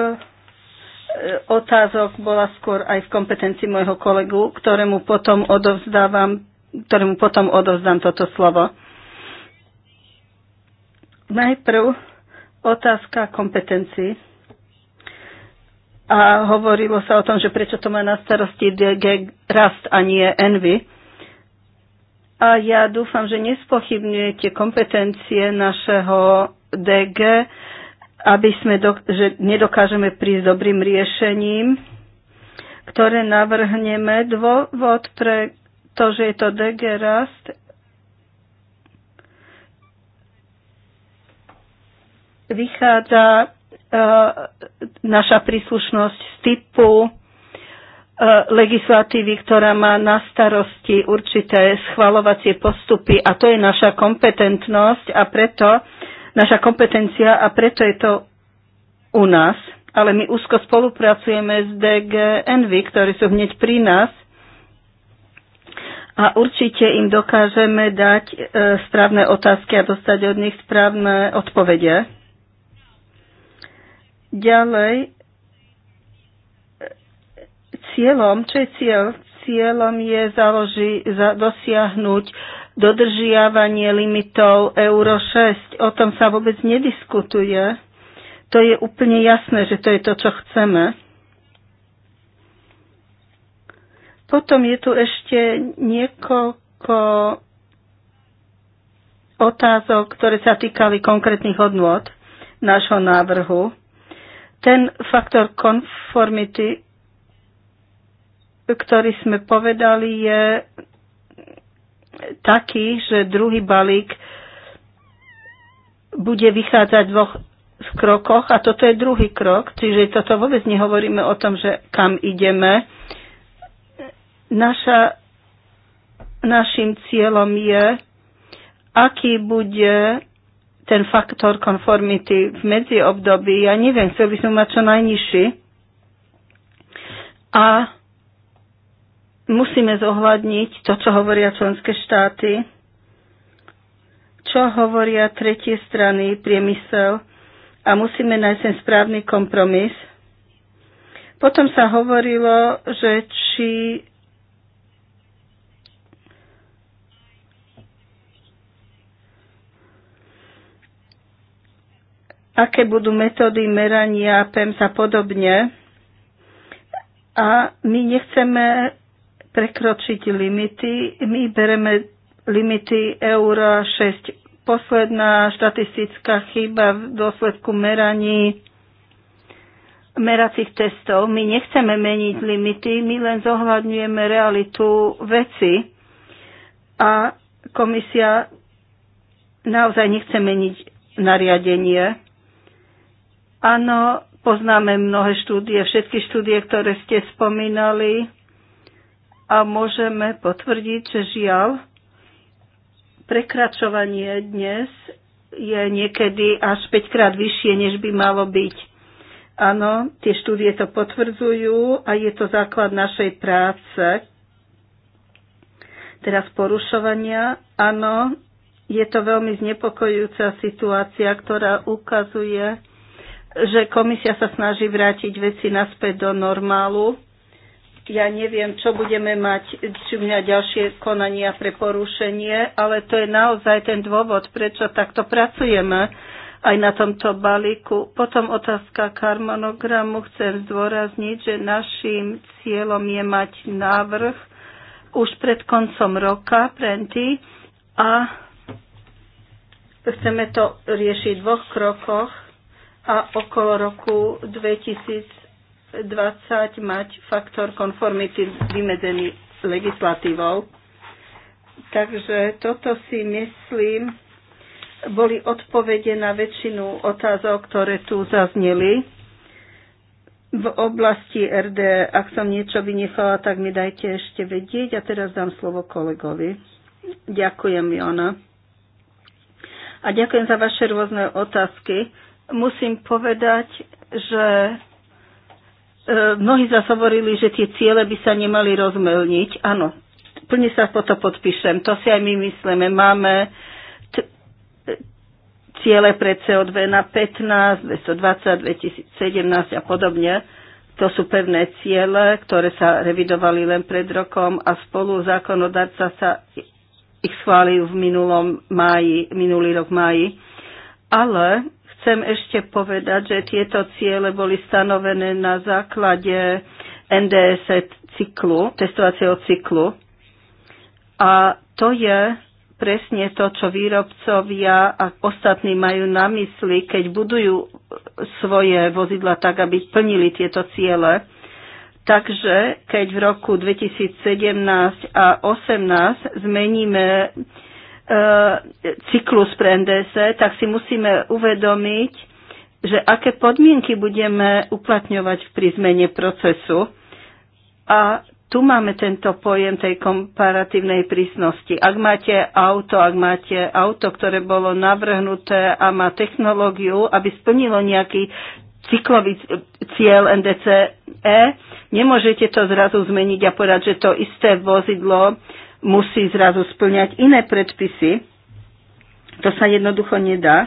otázok bola skôr aj v kompetencii môjho kolegu, ktorému potom odovzdávam, ktorému potom odovzdám toto slovo. Najprv Otázka kompetencií. A hovorilo sa o tom, že prečo to má na starosti DG Rast a nie Envy. A ja dúfam, že nespochybňujete kompetencie našeho DG, aby sme do, že nedokážeme prísť dobrým riešením, ktoré navrhneme. Dôvod pre to, že je to DG Rast, vychádza eh, naša príslušnosť z typu eh, legislatívy, ktorá má na starosti určité schvalovacie postupy a to je naša kompetentnosť a preto naša kompetencia a preto je to u nás. Ale my úzko spolupracujeme s DG Envy, ktorí sú hneď pri nás a určite im dokážeme dať eh, správne otázky a dostať od nich správne odpovede. Ďalej, cieľom, čo je cieľ? Cieľom je založi, za, dosiahnuť dodržiavanie limitov Euro 6. O tom sa vôbec nediskutuje. To je úplne jasné, že to je to, čo chceme. Potom je tu ešte niekoľko otázok, ktoré sa týkali konkrétnych hodnot nášho návrhu ten faktor konformity, ktorý sme povedali, je taký, že druhý balík bude vychádzať v dvoch v krokoch a toto je druhý krok, čiže toto vôbec nehovoríme o tom, že kam ideme. Naša, našim cieľom je, aký bude ten faktor konformity v medziobdobí. Ja neviem, chcel by som mať čo najnižší. A musíme zohľadniť to, čo hovoria členské štáty, čo hovoria tretie strany, priemysel a musíme nájsť ten správny kompromis. Potom sa hovorilo, že či aké budú metódy merania PEMS a podobne. A my nechceme prekročiť limity. My bereme limity eur 6. Posledná štatistická chyba v dôsledku meraní meracích testov. My nechceme meniť limity, my len zohľadňujeme realitu veci a komisia naozaj nechce meniť nariadenie. Áno, poznáme mnohé štúdie, všetky štúdie, ktoré ste spomínali a môžeme potvrdiť, že žiaľ, prekračovanie dnes je niekedy až 5 krát vyššie, než by malo byť. Áno, tie štúdie to potvrdzujú a je to základ našej práce. Teraz porušovania. Áno, je to veľmi znepokojujúca situácia, ktorá ukazuje, že komisia sa snaží vrátiť veci naspäť do normálu. Ja neviem, čo budeme mať, či mňa ďalšie konania pre porušenie, ale to je naozaj ten dôvod, prečo takto pracujeme aj na tomto balíku. Potom otázka karmonogramu. Chcem zdôrazniť, že našim cieľom je mať návrh už pred koncom roka prenty a chceme to riešiť v dvoch krokoch a okolo roku 2020 mať faktor konformity vymedzený legislatívou. Takže toto si myslím, boli odpovede na väčšinu otázok, ktoré tu zazneli. V oblasti RD, ak som niečo vynechala, tak mi dajte ešte vedieť a teraz dám slovo kolegovi. Ďakujem, Jona. A ďakujem za vaše rôzne otázky musím povedať, že e, mnohí zase hovorili, že tie ciele by sa nemali rozmelniť. Áno, plne sa po to podpíšem. To si aj my myslíme. Máme e, ciele pre CO2 na 15, 220, 2017 a podobne. To sú pevné ciele, ktoré sa revidovali len pred rokom a spolu zákonodárca sa ich schválil v minulom máji, minulý rok máji. Ale Chcem ešte povedať, že tieto ciele boli stanovené na základe NDS cyklu, testovacieho cyklu. A to je presne to, čo výrobcovia a ostatní majú na mysli, keď budujú svoje vozidla tak, aby plnili tieto ciele. Takže keď v roku 2017 a 2018 zmeníme E, cyklus pre NDS, tak si musíme uvedomiť, že aké podmienky budeme uplatňovať pri zmene procesu. A tu máme tento pojem tej komparatívnej prísnosti. Ak máte auto, ak máte auto, ktoré bolo navrhnuté a má technológiu, aby splnilo nejaký cyklový cieľ NDCE, nemôžete to zrazu zmeniť a povedať, že to isté vozidlo musí zrazu splňať iné predpisy. To sa jednoducho nedá.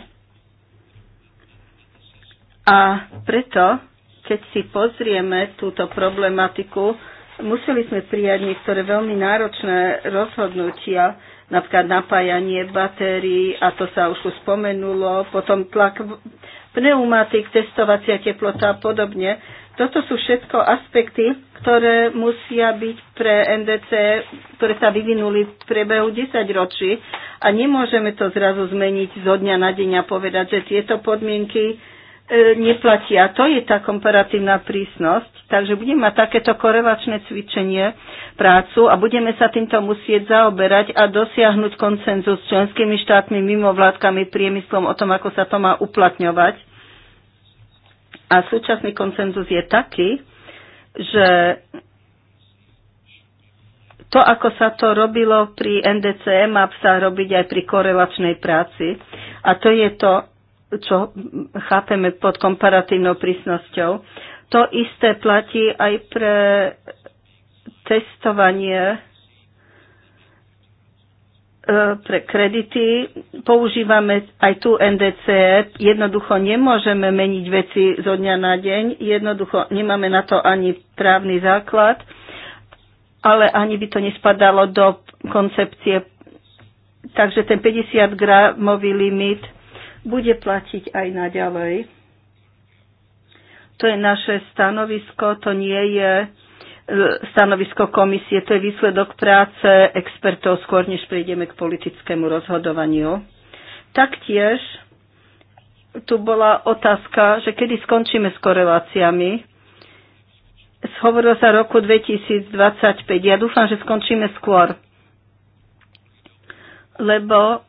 A preto, keď si pozrieme túto problematiku, museli sme prijať niektoré veľmi náročné rozhodnutia, napríklad napájanie batérií, a to sa už spomenulo, potom tlak pneumatik, testovacia teplota a podobne. Toto sú všetko aspekty, ktoré musia byť pre NDC, ktoré sa vyvinuli v priebehu 10 ročí a nemôžeme to zrazu zmeniť zo dňa na deň a povedať, že tieto podmienky e, neplatia. To je tá komparatívna prísnosť. Takže budeme mať takéto korelačné cvičenie prácu a budeme sa týmto musieť zaoberať a dosiahnuť koncenzus s členskými štátmi, mimovládkami, priemyslom o tom, ako sa to má uplatňovať. A súčasný koncenzus je taký, že to, ako sa to robilo pri NDC, má sa robiť aj pri korelačnej práci. A to je to, čo chápeme pod komparatívnou prísnosťou. To isté platí aj pre testovanie E, pre kredity. Používame aj tu NDC. Jednoducho nemôžeme meniť veci zo dňa na deň. Jednoducho nemáme na to ani právny základ, ale ani by to nespadalo do koncepcie. Takže ten 50 gramový limit bude platiť aj naďalej. To je naše stanovisko, to nie je stanovisko komisie. To je výsledok práce expertov skôr, než prejdeme k politickému rozhodovaniu. Taktiež tu bola otázka, že kedy skončíme s koreláciami. Hovorilo sa roku 2025. Ja dúfam, že skončíme skôr, lebo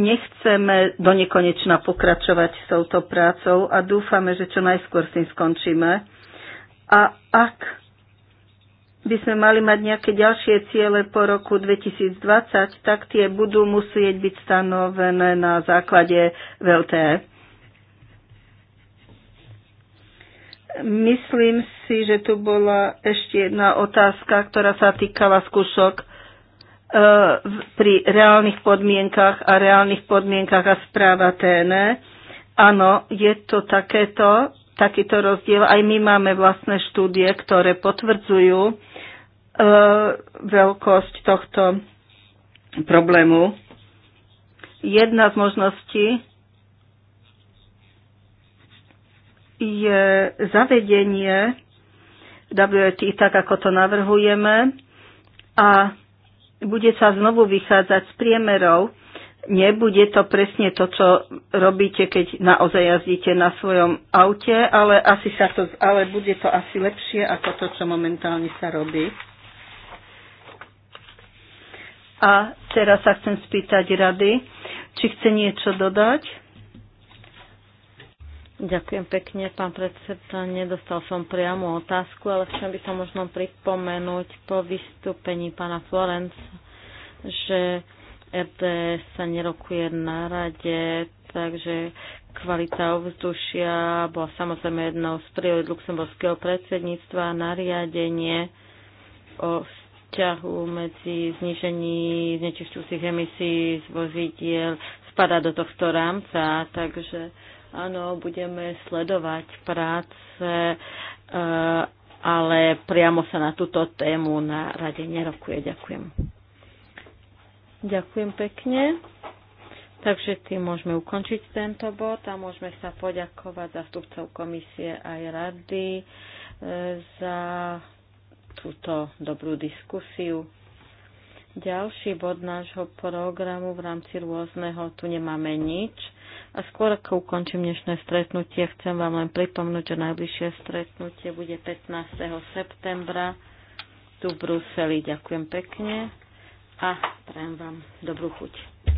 nechceme do nekonečna pokračovať s touto prácou a dúfame, že čo najskôr s tým skončíme. A ak by sme mali mať nejaké ďalšie ciele po roku 2020, tak tie budú musieť byť stanovené na základe VLTE. Myslím si, že tu bola ešte jedna otázka, ktorá sa týkala skúšok e, pri reálnych podmienkach a reálnych podmienkach a správa TN. E. Áno, je to takéto, takýto rozdiel. Aj my máme vlastné štúdie, ktoré potvrdzujú, E, veľkosť tohto problému. Jedna z možností je zavedenie WT tak, ako to navrhujeme a bude sa znovu vychádzať z priemerov. Nebude to presne to, čo robíte, keď naozaj jazdíte na svojom aute, ale, asi sa to, ale bude to asi lepšie ako to, čo momentálne sa robí. A teraz sa chcem spýtať rady, či chce niečo dodať. Ďakujem pekne, pán predseda. Nedostal som priamu otázku, ale chcem by som možno pripomenúť po vystúpení pána Florence, že RDS e sa nerokuje na rade, takže kvalita ovzdušia bola samozrejme jednou z priorit luxemburského predsedníctva, a nariadenie o vzťahu medzi znižení znečišťujúcich emisí z vozidiel spada do tohto rámca, takže áno, budeme sledovať práce, eh, ale priamo sa na túto tému na rade nerokuje. Ďakujem. Ďakujem pekne. Takže tým môžeme ukončiť tento bod a môžeme sa poďakovať zastupcov komisie aj rady eh, za túto dobrú diskusiu. Ďalší bod nášho programu v rámci rôzneho tu nemáme nič. A skôr ako ukončím dnešné stretnutie, chcem vám len pripomnúť, že najbližšie stretnutie bude 15. septembra tu v Bruseli. Ďakujem pekne a prajem vám dobrú chuť.